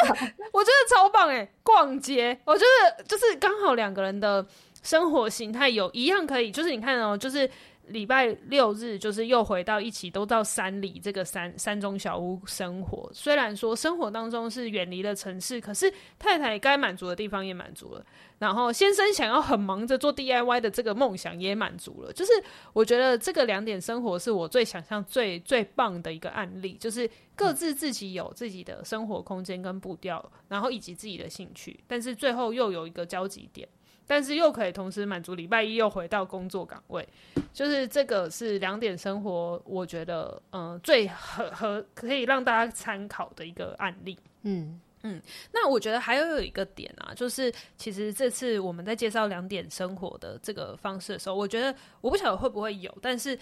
我覺得超棒欸！逛街，我覺得就是剛好兩個人的生活型態有一樣可以，就是你看喔，就是。禮拜六日就是又回到一起，都到山裡這個山山中小屋生活。雖然說生活當中是遠離了城市，可是太太該滿足的地方也滿足了，然後先生想要很忙着做 DIY 的這個夢想也滿足了。就是我覺得這個兩點生活是我最想象最最棒的一個案例，就是各自自己有自己的生活空間跟步調，然後以及自己的興趣，但是最後又有一個交集點。但是又可以同時滿足禮拜一又回到工作崗位，就是這個是兩點生活，我覺得嗯、呃、最合合可以讓大家參考的一個案例。嗯嗯，那我覺得還有有一個點啊，就是其實這次我們在介紹兩點生活的這個方式的時候，我覺得我不曉得會不會有，但是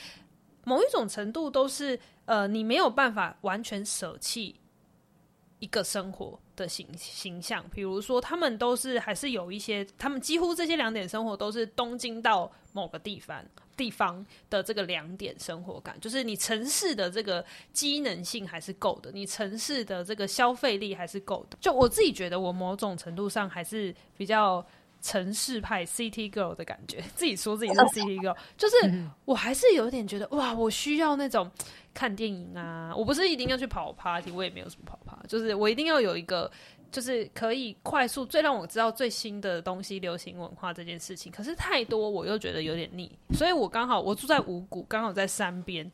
某一種程度都是呃你沒有辦法完全捨棄一個生活。的形形象，比如說，他們都是還是有一些，他們幾乎這些兩點生活都是東京到某個地方地方的這個兩點生活感，就是你城市的這個機能性還是夠的，你城市的這個消費力還是夠的。就我自己覺得，我某種程度上還是比較。城市派 City Girl 的感覺，自己說自己是 City Girl，就是我還是有點覺得哇，我需要那種看電影啊，我不是一定要去跑 Party，我也沒有什麼跑 Party，就是我一定要有一個，就是可以快速最讓我知道最新的東西、流行文化這件事情。可是太多，我又覺得有點膩，所以我剛好我住在五谷，剛好在山邊，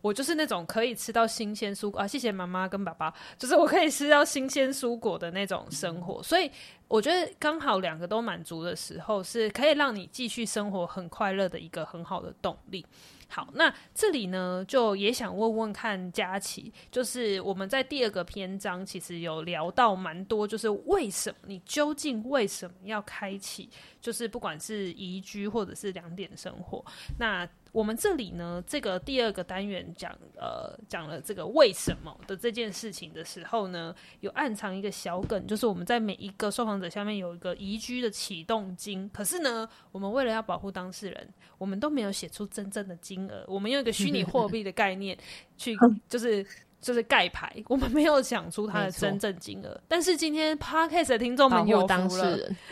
我就是那種可以吃到新鮮蔬果啊，謝謝媽媽跟爸爸，就是我可以吃到新鮮蔬果的那種生活，所以。我覺得剛好兩個都滿足的時候，是可以讓你繼續生活很快樂的一個很好的動力。好，那這裡呢，就也想問問看佳琪，就是我們在第二個篇章其實有聊到蠻多，就是為什麼你究竟為什麼要開啟，就是不管是移居或者是兩點生活，那。我們這裡呢，這個第二個單元講呃講了這個為什麼的這件事情的時候呢，有暗藏一個小梗，就是我們在每一個受訪者下面有一個移居的啟動金，可是呢，我們為了要保護當事人，我們都沒有寫出真正的金額，我們用一個虛擬貨幣的概念去就是。就是蓋牌，我們沒有想出它的真正金額。但是今天 podcast 的聽眾們有福了，當事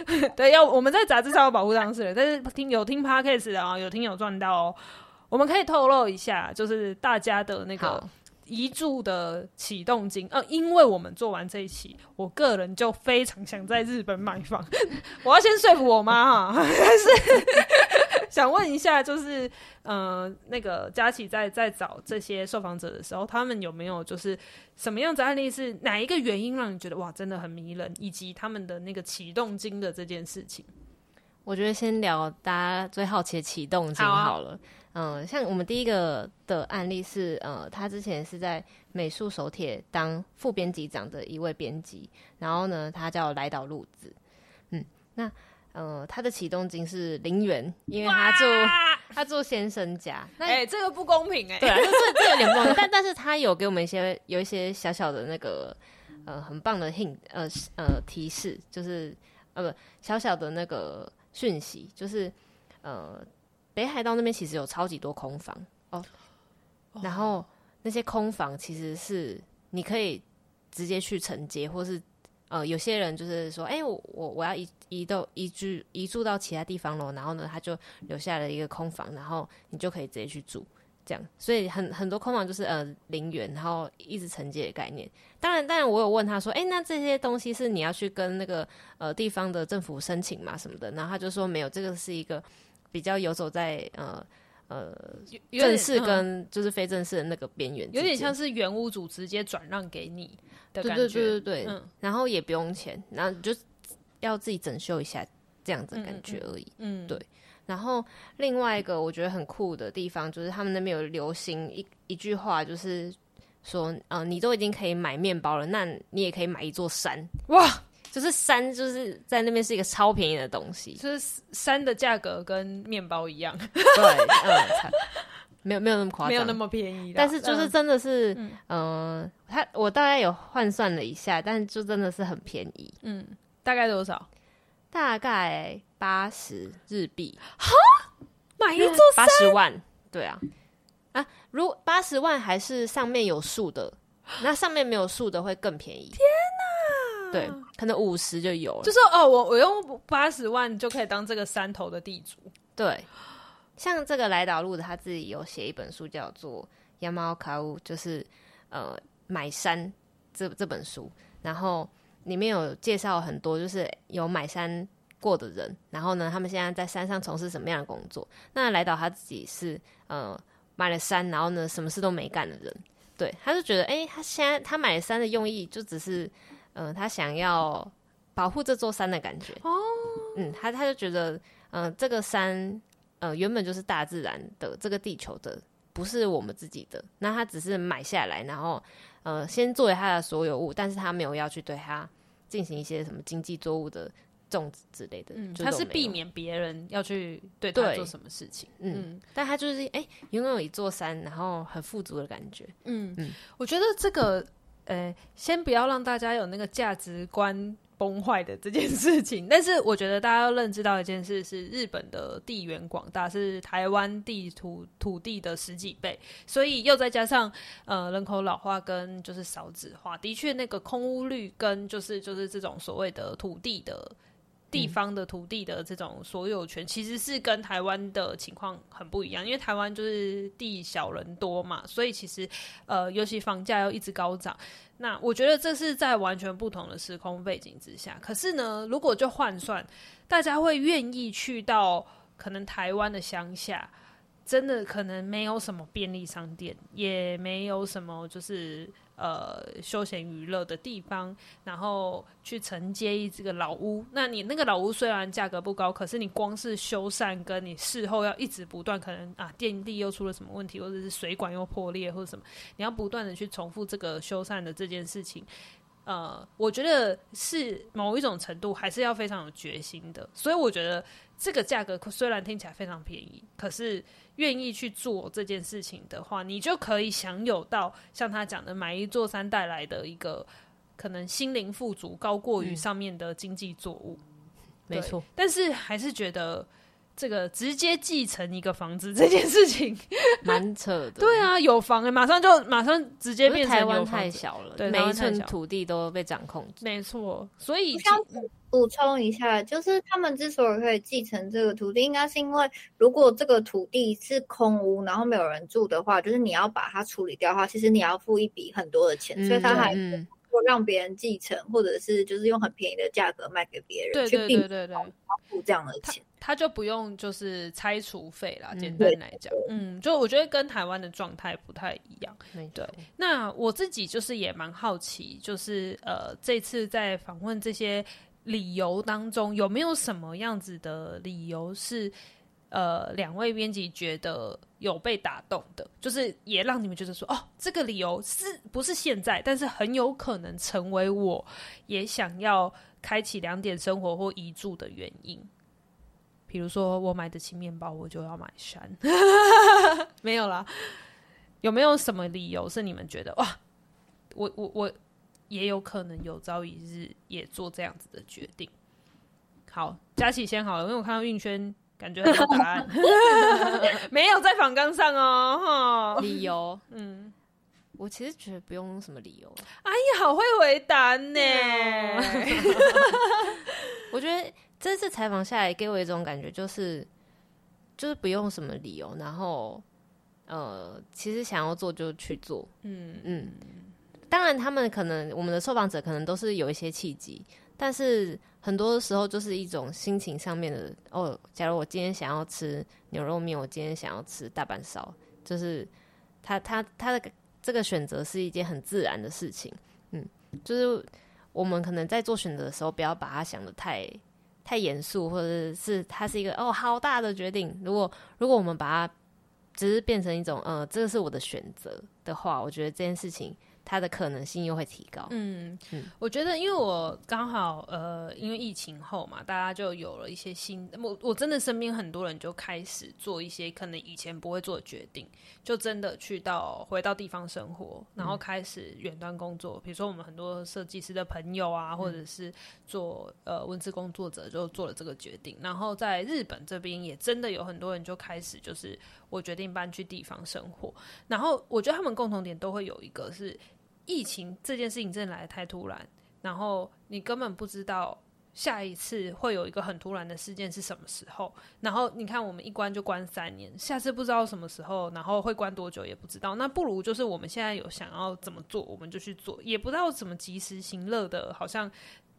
人 對，要我們在雜誌上要保護當事人， 但是聽有聽 podcast，然、哦、有聽有賺到、哦，我們可以透露一下，就是大家的那個。移住的啟動金、呃，因為我們做完這一期，我個人就非常想在日本買房， 我要先說服我媽哈，啊。還 但是 想問一下，就是嗯，呃，那個佳琪在在找這些受訪者的時候，他們有沒有就是什麼樣子案例是，是哪一個原因讓你覺得哇，真的很迷人？以及他們的那個啟動金的這件事情，我覺得先聊大家最好奇的啟動金好了。好啊。嗯、呃，像我們第一個的案例是，呃，他之前是在美術手帖當副編輯長的一位編輯，然後呢，他叫來島露子，嗯，那呃，他的啟動金是零元，因為他住他住先生家，那、欸、這個不公平哎、欸，對啊，這這有點不公平， 但但是他有給我們一些有一些小小的那個呃很棒的 hint 呃呃提示，就是呃不小小的那個訊息，就是呃。北海道那邊其實有超級多空房哦，oh, oh. 然後那些空房其實是你可以直接去承接，或是呃，有些人就是說，哎、欸，我我我要移移到移居移住到其他地方了，然後呢，他就留下了一個空房，然後你就可以直接去住這樣，所以很很多空房就是呃零元，然後一直承接的概念。當然，當然我有問他說，哎、欸，那這些東西是你要去跟那個呃地方的政府申請嘛什麼的？然後他就說沒有，這個是一個。比較遊走在呃呃正式跟就是非正式的那個邊緣，有點像是原屋主直接轉讓給你的感覺，對對對，對、嗯，然後也不用錢，然後就要自己整修一下這樣子的感覺而已，嗯，嗯，嗯，嗯，對。然後另外一個我覺得很酷的地方，就是他們那邊有流行一一句話，就是說，嗯、呃，你都已經可以買麵包了，那你也可以買一座山哇。就是山，就是在那邊是一個超便宜的東西，就是山的價格跟麵包一樣。 對、嗯，沒有沒有那麼誇張，沒有那麼便宜，但是就是真的是，呃、嗯，他我大概有換算了一下，但是就真的是很便宜。嗯，大概多少？大概八十日幣。哈，買一座山？八十萬？對啊，啊，如果八十萬還是上面有樹的，那上面沒有樹的會更便宜。天！對，可能五十就有了，就是哦，我我用八十萬就可以當這個山頭的地主。對，像這個來島路的他自己有寫一本書，叫做《ヤマオカウ》，就是呃買山這這本書，然後裡面有介紹很多，就是有買山過的人，然後呢，他們現在在山上從事什麼樣的工作。那來島他自己是呃買了山，然後呢，什麼事都沒幹的人。對，他就覺得，哎，他現在他買山的用意就只是。嗯、呃，他想要保護這座山的感覺。哦，嗯，他他就覺得，嗯、呃，這個山，呃，原本就是大自然的，這個地球的，不是我們自己的。那他只是買下來，然後，呃，先作為他的所有物，但是他沒有要去對他進行一些什麼經濟作物的種植之類的。嗯，就是、他是避免別人要去對他做什麼事情。嗯，嗯，但他就是，哎、欸，擁有一座山，然後很富足的感覺。嗯嗯，我覺得這個。呃、欸，先不要讓大家有那個價值觀崩壞的這件事情，但是我覺得大家要認知到一件事：是日本的地緣廣大是台灣地土土，土地的十幾倍，所以又再加上呃人口老化跟就是少子化，的確那個空屋率跟就是就是這種所謂的土地的。地方的土地的這種所有權，嗯、其實是跟台灣的情況很不一樣，因為台灣就是地小人多嘛，所以其實，呃，尤其房價又一直高漲，那我覺得這是在完全不同的時空背景之下。可是呢，如果就換算，大家會願意去到可能台灣的鄉下，真的可能沒有什麼便利商店，也沒有什麼就是。呃，休閒娛樂的地方，然後去承接這個老屋。那你那個老屋雖然價格不高，可是你光是修繕，跟你事後要一直不斷，可能啊，電力又出了什麼問題，或者是水管又破裂或者什麼，你要不斷的去重複這個修繕的這件事情。呃，我覺得是某一種程度還是要非常有決心的。所以我覺得這個價格雖然聽起來非常便宜，可是願意去做這件事情的話，你就可以享有到像他講的買一座山帶來的一個可能心靈富足，高過於上面的經濟作物。嗯、沒錯，但是還是覺得這個直接繼承一個房子這件事情蠻扯的。 對啊，有房哎、欸，馬上就馬上直接變成房子，台灣太小了，對，每一寸土地都被掌控。沒錯，所以補充一下，就是他們之所以可以繼承這個土地，應該是因為如果這個土地是空屋，然後沒有人住的話，就是你要把它處理掉的話，其實你要付一筆很多的錢，嗯嗯，所以他還不讓別人繼承，嗯嗯，或者是就是用很便宜的價格賣給別人，對對對對，付這樣的錢，他，他就不用就是拆除費啦。嗯，簡單來講，對對對對，嗯，就我覺得跟台灣的狀態不太一樣，對對對對對。對，那我自己就是也蠻好奇，就是呃，這次在訪問這些，理由當中有沒有什麼樣子的理由是呃，兩位編輯覺得有被打動的，就是也讓你們覺得說哦，這個理由是不是現在，但是很有可能成為我也想要開啟兩點生活或移住的原因。比如說，我買得起麵包，我就要買山。 沒有啦，有沒有什麼理由是你們覺得哇，我我我？我也有可能有朝一日也做這樣子的決定。好，佳琪先好，了，因為我看到運圈，感覺很有答案 沒有在訪綱上哦。理由，嗯，我其實覺得不用什麼理由。阿、哎、姨好會回答呢？嗯、 我覺得這次採訪下來，給我一種感覺就是，就是不用什麼理由，然後呃，其實想要做就去做。嗯嗯。當然，他們可能我們的受訪者可能都是有一些契機，但是很多時候就是一種心情上面的哦。假如我今天想要吃牛肉麵，我今天想要吃大阪燒，就是他他他的這個選擇是一件很自然的事情。嗯，就是我們可能在做選擇的時候，不要把它想得太太嚴肅，或者是它是一個哦好大的決定。如果如果我們把它只是變成一種呃，這個是我的選擇的話，我覺得這件事情。它的可能性又會提高嗯。嗯，我覺得，因為我剛好呃，因為疫情後嘛，大家就有了一些新，我我真的身邊很多人就開始做一些可能以前不會做的決定，就真的去到回到地方生活，然後開始遠端工作。嗯，比如說，我們很多設計師的朋友啊，或者是做呃文字工作者，就做了這個決定。然後在日本這邊，也真的有很多人就開始就是。我決定搬去地方生活，然後我覺得他們共同點都會有一個是，疫情這件事情真的來得太突然，然後你根本不知道下一次會有一個很突然的事件是什麼時候，然後你看我們一關就關三年，下次不知道什麼時候，然後會關多久也不知道，那不如就是我們現在有想要怎麼做，我們就去做，也不知道怎麼及時行樂的，好像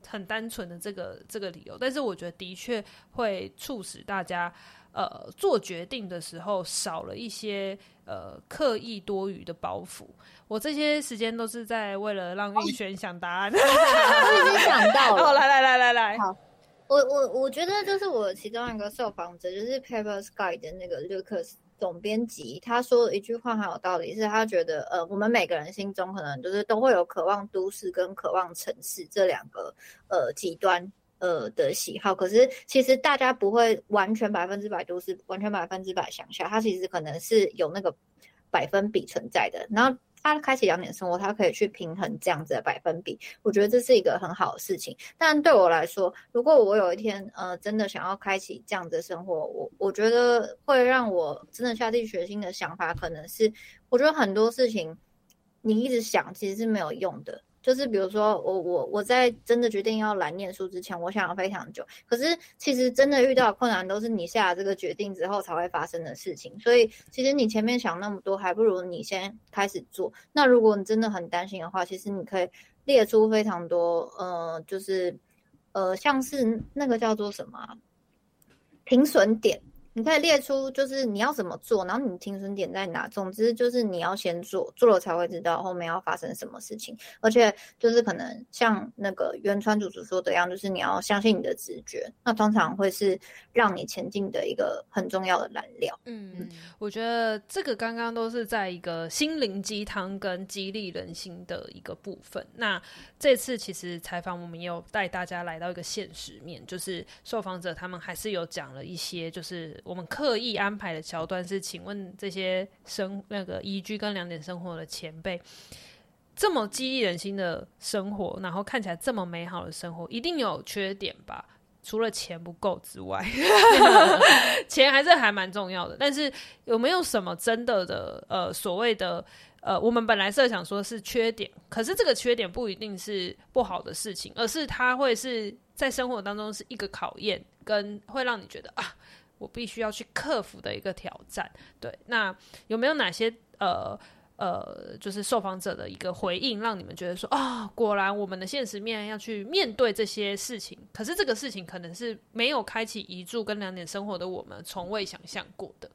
很單純的這個這個理由，但是我覺得的確會促使大家。呃，做決定的時候少了一些呃刻意多餘的包袱。我這些時間都是在為了讓韻軒想答案，哦、 我已經想到了。哦，來來來來來，好，我我我覺得就是我其中一個受訪者，就是 Paper Sky 的那個 Lucas 總編輯，他說的一句話很有道理，是他覺得呃，我們每個人心中可能就是都會有渴望都市跟渴望城市這兩個呃極端。呃的喜好，可是其實大家不會完全百分之百，都是完全百分之百想像，他其實可能是有那個百分比存在的。然後他開啟兩點生活，他可以去平衡這樣子的百分比，我覺得這是一個很好的事情。但對我來說，如果我有一天呃真的想要開啟這樣子的生活，我我覺得會讓我真的下定決心的想法，可能是我覺得很多事情你一直想其實是沒有用的。就是比如說我我我在真的決定要來念書之前，我想了非常久。可是其實真的遇到的困難，都是你下了這個決定之後才會發生的事情。所以其實你前面想那麼多，還不如你先開始做。那如果你真的很擔心的話，其實你可以列出非常多，呃，就是呃，像是那個叫做什麼，停損點。你可以列出，就是你要怎麼做，然後你停損點在哪。總之就是你要先做，做了才會知道後面要發生什麼事情。而且就是可能像那個原川主主說的一樣，就是你要相信你的直覺，那通常會是讓你前進的一個很重要的燃料。嗯，我覺得這個剛剛都是在一個心靈雞湯跟激勵人心的一個部分。那這次其實採訪我們也有帶大家來到一個現實面，就是受訪者他們還是有講了一些，就是。我們刻意安排的橋段是，請問這些生那個移居跟兩點生活的前輩，這麼激勵人心的生活，然後看起來這麼美好的生活，一定有缺點吧？除了錢不夠之外， 錢還是還蠻重要的。但是有沒有什麼真的的呃所謂的呃，我們本來是想說是缺點，可是這個缺點不一定是不好的事情，而是它會是在生活當中是一個考驗，跟會讓你覺得啊。我必須要去克服的一個挑戰，對。那有沒有哪些呃呃，就是受訪者的一個回應，讓你們覺得說啊、哦，果然我們的現實面要去面對這些事情？可是這個事情可能是沒有開啟移住跟兩點生活的我們從未想象過的。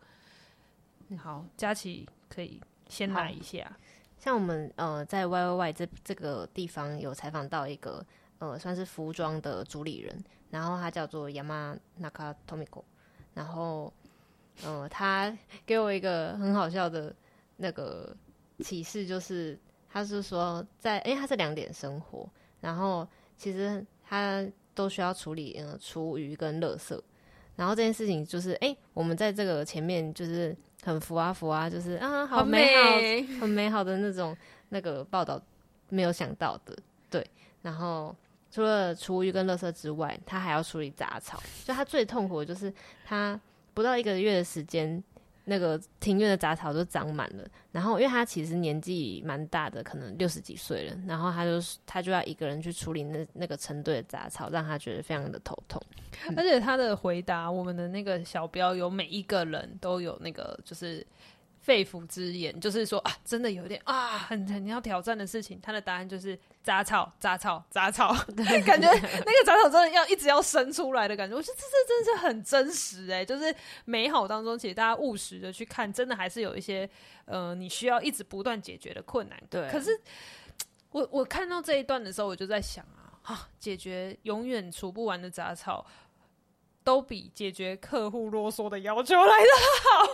嗯、好，佳琪可以先來一下。像我們呃，在 Y Y Y 這這個地方有採訪到一個呃，算是服裝的主理人，然後他叫做 YAMA NAKA TOMIKO。然後，嗯、呃，他給我一個很好笑的那個啟示，就是他是說，在哎，他是、欸、兩點生活，然後其實他都需要處理嗯廚餘跟垃圾，然後這件事情就是哎、欸，我們在這個前面就是很福啊福啊，就是啊好美好，好美很美好的那種那個報道沒有想到的，對，然後。除了廚餘跟垃圾之外，他還要處理雜草，就他最痛苦的就是他不到一個月的時間，那個庭院的雜草都長滿了。然後，因為他其實年紀蠻大的，可能六十幾歲了，然後他就他就要一個人去處理那那個成堆的雜草，讓他覺得非常的頭痛。嗯、而且他的回答，我們的那個小標有每一個人都有那個就是。肺腑之言，就是說啊，真的有點啊，很很要挑戰的事情。他的答案就是雜草，雜草，雜草，對， 感覺那個雜草真的要一直要生出來的感覺。我覺得這這真的是很真實哎、欸，就是美好當中，其實大家務實的去看，真的還是有一些呃，你需要一直不斷解決的困難。對，可是我我看到這一段的時候，我就在想啊，啊，解決永遠除不完的雜草。都比解決客戶囉嗦的要求來的好，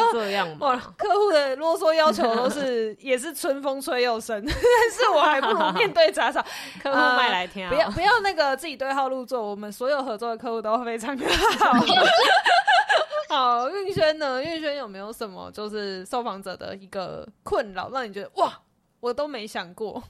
要 這樣嗎？客戶的囉嗦要求都是 也是春風吹又生， 但是我還不如面對雜草。 客戶賣來聽、呃，不要不要那個自己對號入座。我們所有合作的客戶都非常好。 好，運軒呢？運軒有沒有什麼就是受訪者的一個困擾，讓你覺得哇，我都沒想過？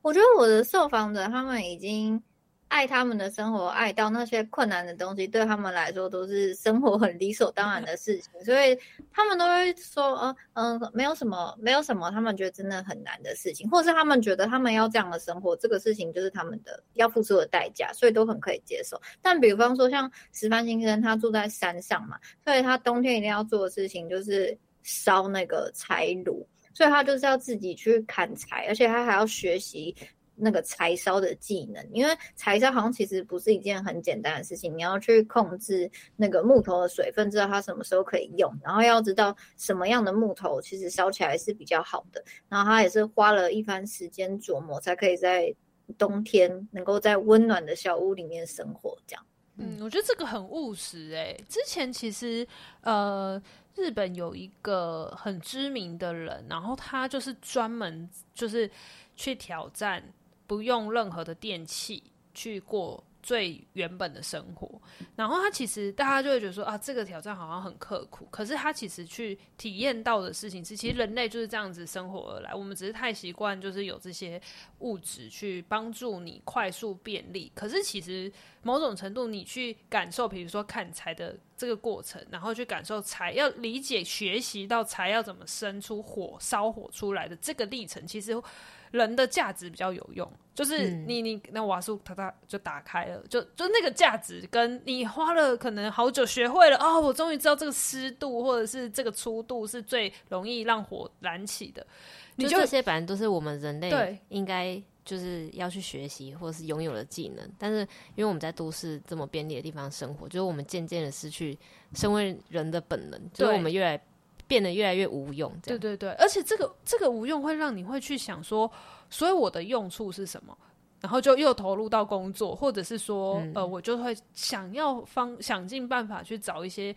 我覺得我的受訪者他們已經。愛他們的生活，愛到那些困難的東西對他們來說都是生活很理所當然的事情，嗯、所以他們都會說，呃，嗯、呃，沒有什麼，沒有什麼，他們覺得真的很難的事情，或者是他們覺得他們要這樣的生活，這個事情就是他們的要付出的代價，所以都很可以接受。但比方說，像石帆先生，他住在山上嘛，所以他冬天一定要做的事情就是燒那個柴爐，所以他就是要自己去砍柴，而且他還要學習。那個柴燒的技能，因為柴燒好像其實不是一件很簡單的事情，你要去控制那個木頭的水分，知道它什麼時候可以用，然後要知道什麼樣的木頭其實燒起來是比較好的，然後他也是花了一番時間琢磨，才可以在冬天能夠在溫暖的小屋裡面生活這樣。嗯，我覺得這個很務實哎、欸。之前其實呃，日本有一個很知名的人，然後他就是專門就是去挑戰。不用任何的電器去過最原本的生活，然後他其實大家就會覺得說啊，這個挑戰好像很刻苦。可是他其實去體驗到的事情是，其實人類就是這樣子生活而來。我們只是太習慣就是有這些物質去幫助你快速便利。可是其實某種程度，你去感受，比如說砍柴的這個過程，然後去感受柴，要理解、學習到柴要怎麼生出火燒火出來的這個歷程，其實。人的價值比較有用，就是你、嗯、你那瓦數它它就打開了，就就那個價值跟你花了可能好久學會了，哦，我終於知道這個濕度或者是這個粗度是最容易讓火燃起的。你就，就這些，反正都是我們人類應該就是要去學習或者是擁有的技能。但是因為我們在都市這麼便利的地方生活，就是我們漸漸的失去身為人的本能，所以、就是、我們越來。變得越來越無用，對對對，而且這個這個無用會讓你會去想說，所以我的用處是什麼？然後就又投入到工作，或者是說，嗯、呃，我就會想要方想盡辦法去找一些。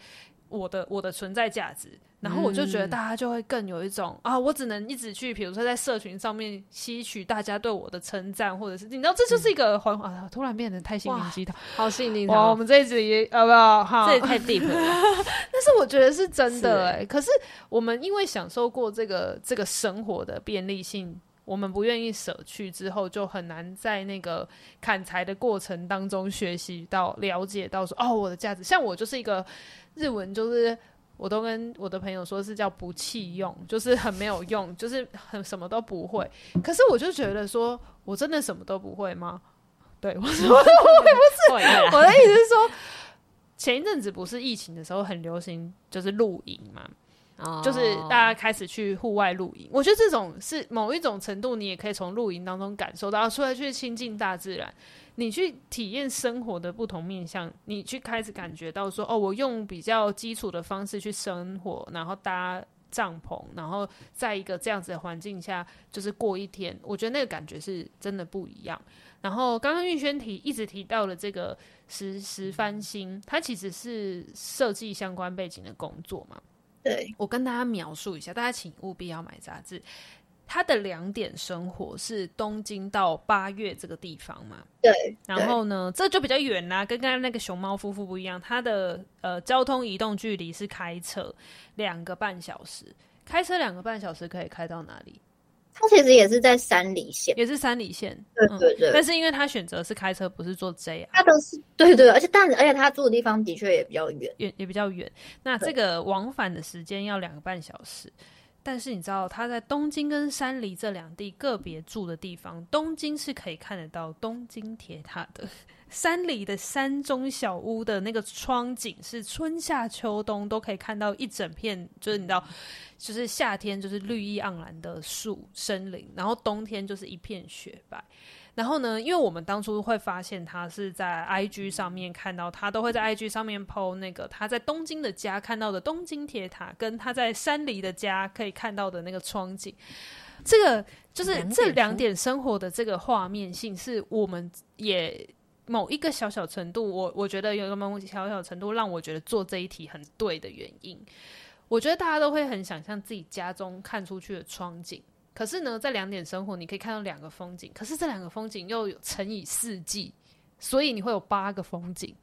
我的我的存在價值，然後我就覺得大家就會更有一種、嗯、啊，我只能一直去，比如說在社群上面吸取大家對我的稱讚，或者是你知道，這就是一個環、嗯啊、突然變得太心靈雞湯，好心靈雞湯，我們這一集要不要？這也太 deep 了。 但是我覺得是真的、欸是欸，可是我們因為享受過這個這個生活的便利性。我們不願意捨去之後，就很難在那個砍柴的過程當中學習到、了解到說，哦，我的價值。像我就是一個日文，就是我都跟我的朋友說是叫不器用，就是很沒有用，就是很什麼都不會。可是我就覺得說，我真的什麼都不會嗎？對，我什麼都不會，嗯、我也不是、啊。我的意思是說，前一陣子不是疫情的時候很流行，就是露營嘛。Oh. 就是大家開始去戶外露營，我覺得這種是某一種程度，你也可以從露營當中感受到，出來去親近大自然，你去體驗生活的不同面向，你去開始感覺到說，哦，我用比較基礎的方式去生活，然後搭帳篷，然後在一個這樣子的環境下就是過一天，我覺得那個感覺是真的不一樣。然後剛剛運軒提一直提到了這個實時翻新，它其實是設計相關背景的工作嘛。對，我跟大家描述一下，大家請務必要買雜誌。他的兩點生活是東京到八月這個地方嘛。對。然後呢，這就比較遠啦，啊，跟剛剛那個熊貓夫婦不一樣。他的呃交通移動距離是開車兩個半小時，開車兩個半小時可以開到哪裡？他其實也是在山梨縣，也是山梨縣，對對對、嗯。但是因為他選擇是開車，不是坐 JR，他都是對對，而且但而且他住的地方的確也比較遠，遠也比較遠。那這個往返的時間要兩個半小時。但是你知道，他在東京跟山梨這兩地個別住的地方，東京是可以看得到東京鐵塔的。山裡的山中小屋的那個窗景，是春夏秋冬都可以看到一整片，就是你知道，就是夏天就是綠意盎然的樹森林，然後冬天就是一片雪白。然後呢，因為我們當初會發現，他是在 IG 上面看到，他都會在 IG 上面 PO 那個他在東京的家看到的東京鐵塔，跟他在山裡的家可以看到的那個窗景。這個就是這兩點生活的這個畫面性，是我們也。某一個小小程度，我我覺得有一個小小程度讓我覺得做這一題很對的原因。我覺得大家都會很想象自己家中看出去的窗景，可是呢，在兩點生活你可以看到兩個風景，可是這兩個風景又有乘以四季，所以你會有八個風景。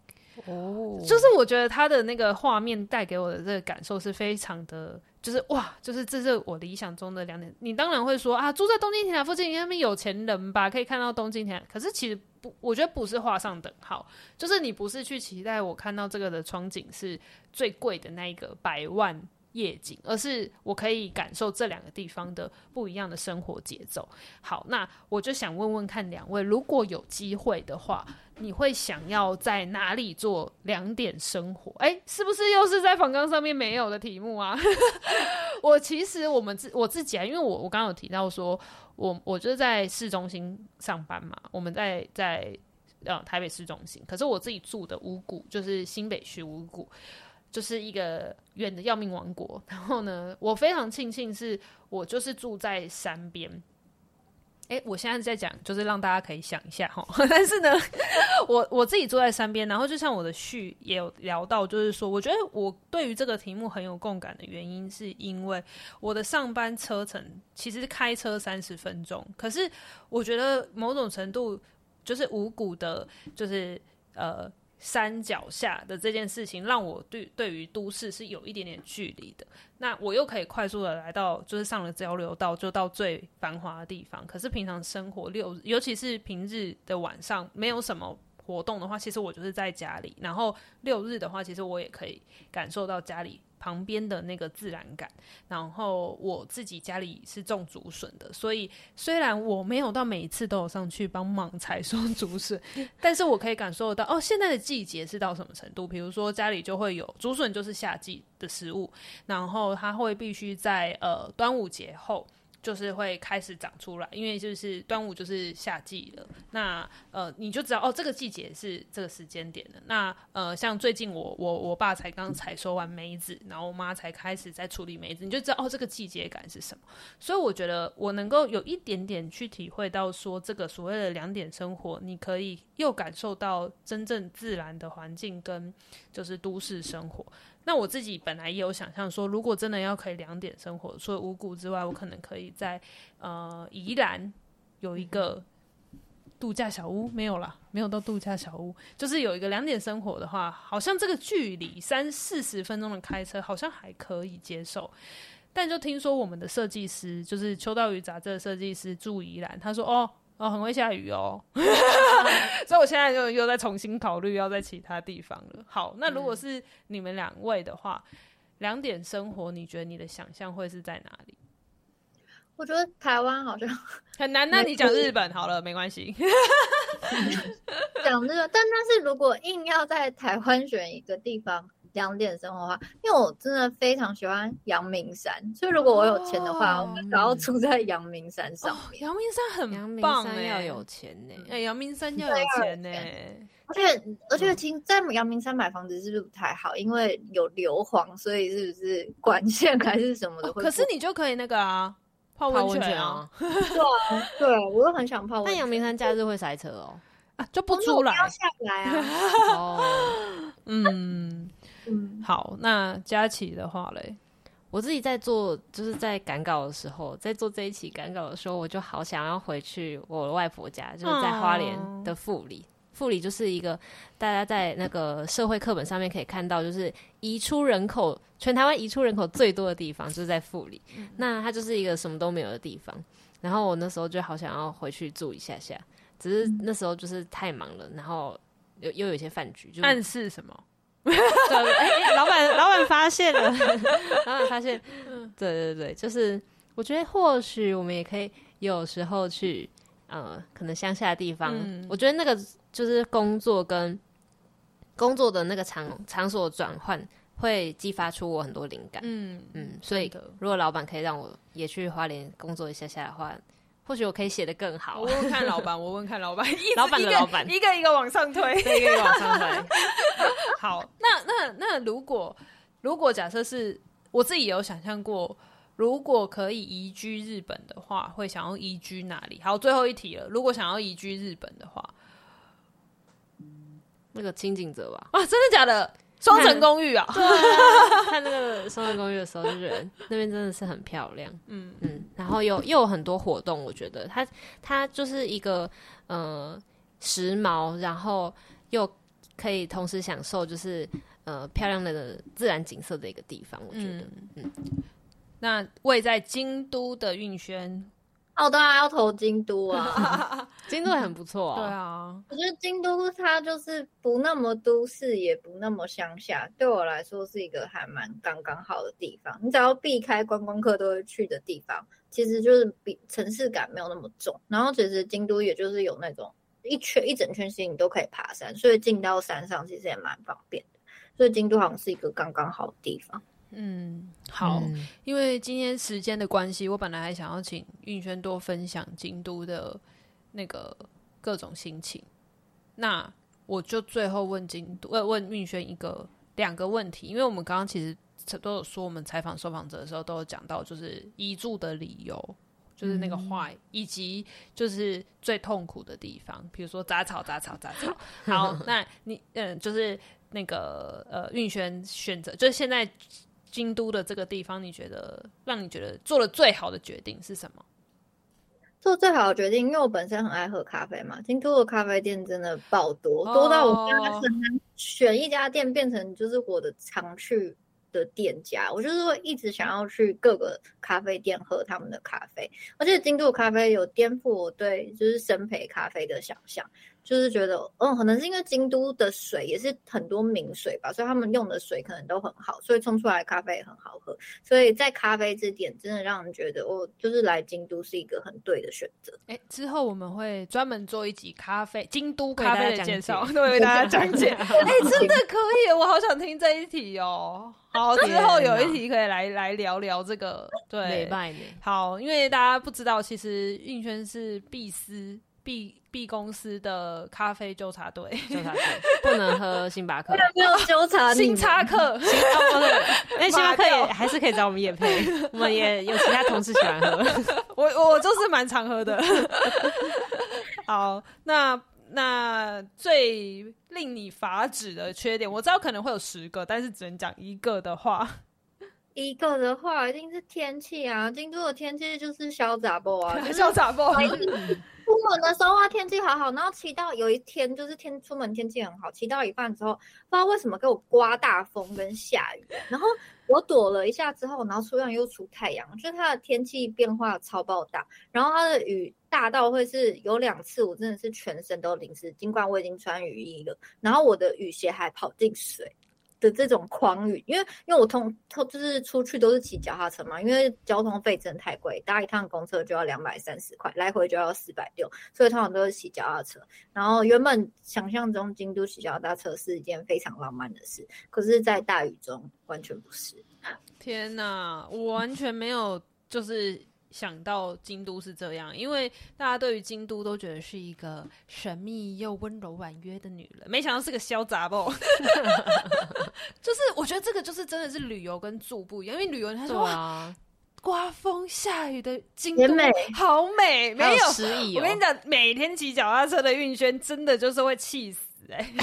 哦，就是我覺得他的那個畫面帶給我的這個感受是非常的，就是哇，就是這是我理想中的兩點。你當然會說啊，住在東京鐵塔附近，因為他們有錢人吧，可以看到東京鐵塔。可是其實。不，我覺得不是畫上等號，就是你不是去期待我看到這個的窗景是最貴的那一個百萬夜景，而是我可以感受這兩個地方的不一樣的生活節奏。好，那我就想問問看兩位，如果有機會的話，你會想要在哪裡做兩點生活？哎，是不是又是在訪綱上面沒有的題目啊？ 我其實我們自我自己啊，因為我我剛剛有提到說。我我就是在市中心上班嘛，我們在在呃、啊、台北市中心，可是我自己住的五股就是新北區五股，就是一個遠的要命王國，然後呢，我非常慶幸是我就是住在山邊。哎、欸，我現在在講，就是讓大家可以想一下哈。但是呢，我我自己坐在山邊，然後就像我的序也有聊到，就是說，我覺得我對於這個題目很有共感的原因，是因為我的上班車程其實開車三十分鐘，可是我覺得某種程度就是無辜的，就是呃。山腳下的這件事情，讓我對對於都市是有一點點距離的。那我又可以快速的來到，就是上了交流道就到最繁華的地方。可是平常生活六日，尤其是平日的晚上，沒有什麼活動的話，其實我就是在家裡。然後六日的話，其實我也可以感受到家裡。旁邊的那個自然感，然後我自己家裡是種竹筍的，所以雖然我沒有到每一次都有上去幫忙採收竹筍， 但是我可以感受到哦，現在的季節是到什麼程度？比如說家裡就會有竹筍，就是夏季的食物，然後它會必須在呃端午節後。就是會開始長出來，因為就是端午就是夏季了。那呃，你就知道哦，這個季節是這個時間點的。那呃，像最近我我我爸才剛採收完梅子，然後我媽才開始在處理梅子，你就知道哦，這個季節感是什麼。所以我覺得我能夠有一點點去體會到，說這個所謂的兩點生活，你可以又感受到真正自然的環境，跟就是都市生活。那我自己本來也有想象說，如果真的要可以兩點生活，除了五谷之外，我可能可以在呃宜蘭有一個度假小屋，沒有啦，沒有到度假小屋，就是有一個兩點生活的話，好像這個距離三四十分鐘的開車，好像還可以接受。但就聽說我們的設計師，就是《秋刀魚》雜誌的設計師住宜蘭，他說哦。哦，很會下雨哦， 所以我現在又在重新考慮要在其他地方了。好，那如果是你們兩位的話，兩、嗯、點生活，你覺得你的想象會是在哪裡？我覺得台灣好像很難、啊。那你講日本好了，沒關係。講 日、 這個，但但是如果硬要在台灣選一個地方。兩點生活的話，因為我真的非常喜歡陽明山，所以如果我有錢的話，哦、我要住在陽明山上。陽、哦、明山很棒哎，哎，陽明山要有錢呢、嗯啊？而且、欸、而且，嗯、而且其實在陽明山買房子是不是不太好？因為有硫磺，所以是不是管線還是什麼的、哦？可是你就可以那個啊，泡溫泉，泡溫泉啊， 啊，對啊，對，我又很想泡溫泉。但陽明山假日會塞車哦，啊、就不出來，啊、要下來啊， 哦、嗯。 嗯，好，那佳琪的話嘞，我自己在做，就是在趕稿的時候，在做這一期趕稿的時候，我就好想要回去我外婆家，就是在花蓮的富里，富里、啊、富里就是一個大家在那個社會課本上面可以看到，就是移出人口，全台灣移出人口最多的地方就是在富里、嗯，那它就是一個什麼都沒有的地方，然後我那時候就好想要回去住一下下，只是那時候就是太忙了，然後又又有，有一些飯局，就暗示什麼。老 板，欸，老闆發現了，老闆發現，對對對，就是我覺得或許我們也可以有時候去呃，可能鄉下的地方、嗯。我覺得那個就是工作跟工作的那個場場所轉換，會激發出我很多靈感。嗯嗯，所以如果老闆可以讓我也去花蓮工作一下下的話。或許我可以寫得更好。我問看老板，我問看老板， 老板的老板，一個一個往上推，一個一個往上推。 啊、好，那那那如果如果假設是，我自己也有想象過，如果可以移居日本的話，會想要移居哪裡？好，最後一題了，如果想要移居日本的話，嗯、那個輕井澤吧？哇、啊，真的假的？雙城公寓啊，對啊！看那個雙層公寓的時候，就覺得 那邊真的是很漂亮。嗯嗯，然後又，又有很多活動，我覺得它它就是一個呃時髦，然後又可以同時享受就是呃漂亮的自然景色的一個地方。我覺得嗯，嗯，那位在京都的運軒。哦，當然、啊、要投京都啊， 京都很不錯、啊。 對啊，我覺得京都它就是不那麼都市，也不那麼鄉下，對我來說是一個還蠻剛剛好的地方。你只要避開觀光客都會去的地方，其實就是比城市感沒有那麼重。然後其實京都也就是有那種一圈一整圈山，你都可以爬山，所以進到山上其實也蠻方便的。所以京都好像是一個剛剛好的地方。嗯，好，嗯，因為今天時間的關係，我本來還想要請運軒多分享京都的那個各種心情。那我就最後問京都，問問運軒一個兩個問題，因為我們剛剛其實都有說，我們採訪受訪者的時候都有講到，就是移住的理由，就是那個壞、嗯，以及就是最痛苦的地方，比如說雜草，雜草，雜草。好，那你，嗯，就是那個呃，運軒選擇，就是現在。京都的這個地方，你覺得讓你覺得做的最好的決定是什麼？做最好的決定，因為我本身很愛喝咖啡嘛。京都的咖啡店真的爆多，哦、多到我剛剛選一家店變成就是我的常去的店家。我就是會一直想要去各個咖啡店喝他們的咖啡，而且京都的咖啡有顛覆我對就是生培咖啡的想象就是覺得，嗯、哦，可能是因為京都的水也是很多名水吧，所以他們用的水可能都很好，所以沖出來的咖啡也很好喝。所以在咖啡這點，真的讓人覺得，我、哦、就是來京都是一個很對的選擇。哎、欸，之後我們會專門做一集咖啡，京都咖啡的介紹，都會給大家講解。哎、 欸，真的可以，我好想聽這一題哦。好， 之後有一題可以來來聊聊這個。對美，好，因為大家不知道，其實運軒是必思。B B 公司的咖啡糾察隊，糾察隊不能喝星巴克。糾 察，哦，星巴克，哦巴克，哎， 因為星巴克也 還是可以找我們業配， 我們也有其他同事喜歡喝， 我我就是蠻常喝的。 好，那那最令你髮指的缺點，我知道可能會有十個，但是只能講一個的話，一個的話一定是天氣啊，京都的天氣就是瀟灑風啊，瀟灑風。就是 出門的時候啊，天氣好好，然後騎到有一天就是天出門天氣很好，騎到一半之後，不知道為什麼給我颳大風跟下雨，然後我躲了一下之後，然後突然又出太陽，就它的天氣變化超爆炸。然後它的雨大到會是有兩次，我真的是全身都淋濕，儘管我已經穿雨衣了，然後我的雨鞋還跑進水。的這種狂雨，因為因為我通通就是出去都是騎腳踏車嘛，因為交通費真的太貴，搭一趟公車就要兩百三十塊，來回就要四百六，所以通常都是騎腳踏車。然後原本想象中京都騎腳踏車是一件非常浪漫的事，可是，在大雨中完全不是。天哪，我完全沒有就是。想到京都是這樣，因為大家對於京都都覺得是一個神秘又溫柔婉約的女人，沒想到是個瀟灑暴， 就是我覺得這個就是真的是旅遊跟住不一樣，因為旅遊他說、啊、刮風下雨的京都美好美，有哦、沒有失憶。我跟你講，每天騎腳踏車的運軒真的就是會氣死哎、欸。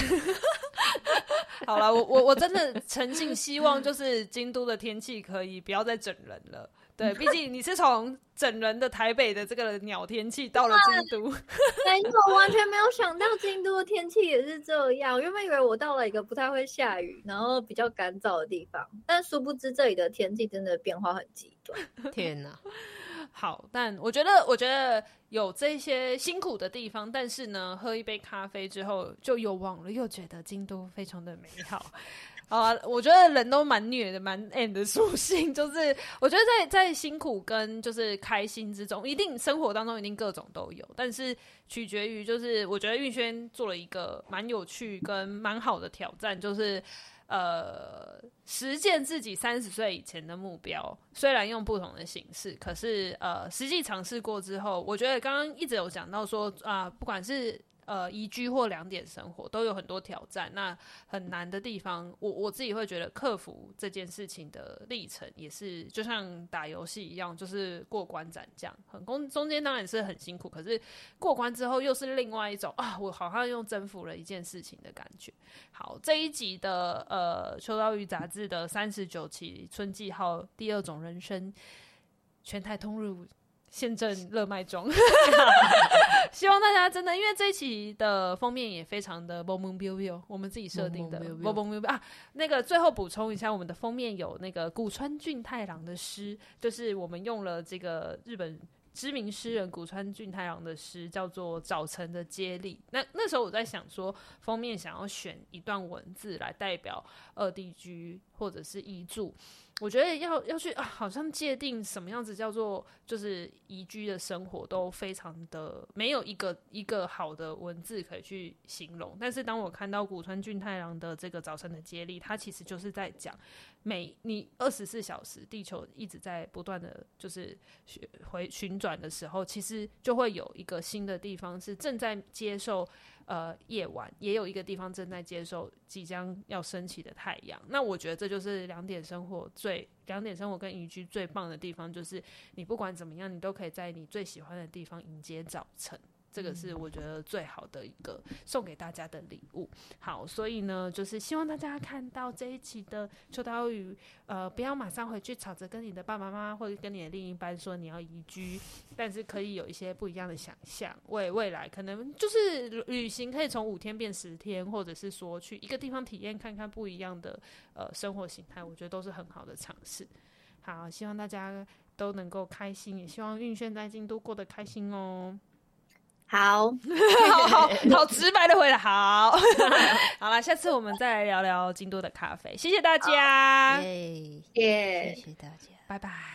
好了，我我我真的誠心希望就是京都的天氣可以不要再整人了。 對，畢竟你是從整人的台北的這個鳥天氣到了京都 沒有，沒我完全沒有想到京都的天氣也是這樣。原本以為我到了一個不太會下雨，然後比較乾燥的地方，但殊不知這裡的天氣真的變化很極端。天哪、啊！ 好，但我覺得，我覺得有這些辛苦的地方，但是呢，喝一杯咖啡之後就有望了，又覺得京都非常的美好。 啊、uh,，我覺得人都蠻虐的，蠻 and 的屬性，就是我覺得在在辛苦跟就是開心之中，一定生活當中一定各種都有，但是取決於就是我覺得玉軒做了一個蠻有趣跟蠻好的挑戰，就是呃實踐自己三十歲以前的目標，雖然用不同的形式，可是呃實際嘗試過之後，我覺得剛剛一直有講到說啊、呃，不管是。呃，移住或兩點生活都有很多挑戰，那很難的地方，我我自己會覺得克服這件事情的歷程，也是就像打遊戲一樣，就是過關斬將。很工中間當然是很辛苦，可是過關之後又是另外一種啊，我好像又征服了一件事情的感覺。好，這一集的呃，《秋刀魚雜誌》的三十九期春季號，第二種人生，全台通入現正熱賣中。 希望大家真的，因為這一期的封面也非常的 boom boom b i l，我們自己設定的 boom boom b 啊。那個最後補充一下，我們的封面有那個古川俊太郎的詩，就是我們用了這個日本知名詩人古川俊太郎的詩，叫做《早晨的接力》那。那那時候我在想說，封面想要選一段文字來代表二 D G 或者是遺囑。我覺得要要去啊，好像界定什麼樣子叫做就是宜居的生活，都非常的沒有一個一個好的文字可以去形容。但是當我看到古川俊太郎的這個早晨的接力，他其實就是在講每你二十四小時，地球一直在不斷的就是回旋轉的時候，其實就會有一個新的地方是正在接受。呃，夜晚也有一個地方正在接受即將要升起的太陽。那我覺得這就是兩點生活最兩點生活跟移居最棒的地方，就是你不管怎麼樣，你都可以在你最喜歡的地方迎接早晨。這個是我覺得最好的一個送給大家的禮物。好，所以呢，就是希望大家看到這一期的秋刀魚，呃，不要馬上回去吵着跟你的爸爸媽媽或者跟你的另一半說你要移居，但是可以有一些不一樣的想象，為未來可能就是旅行可以從五天變十天，或者是說去一個地方體驗看看不一樣的呃生活形態，我覺得都是很好的嘗試。好，希望大家都能夠開心，也希望運軒在京都過得開心哦。好， 好，好，好， 好直白的回答，好， 好了，下次我們再來聊聊京都的咖啡，謝謝大家，oh, yeah. Yeah. Yeah. 謝謝大家，拜拜。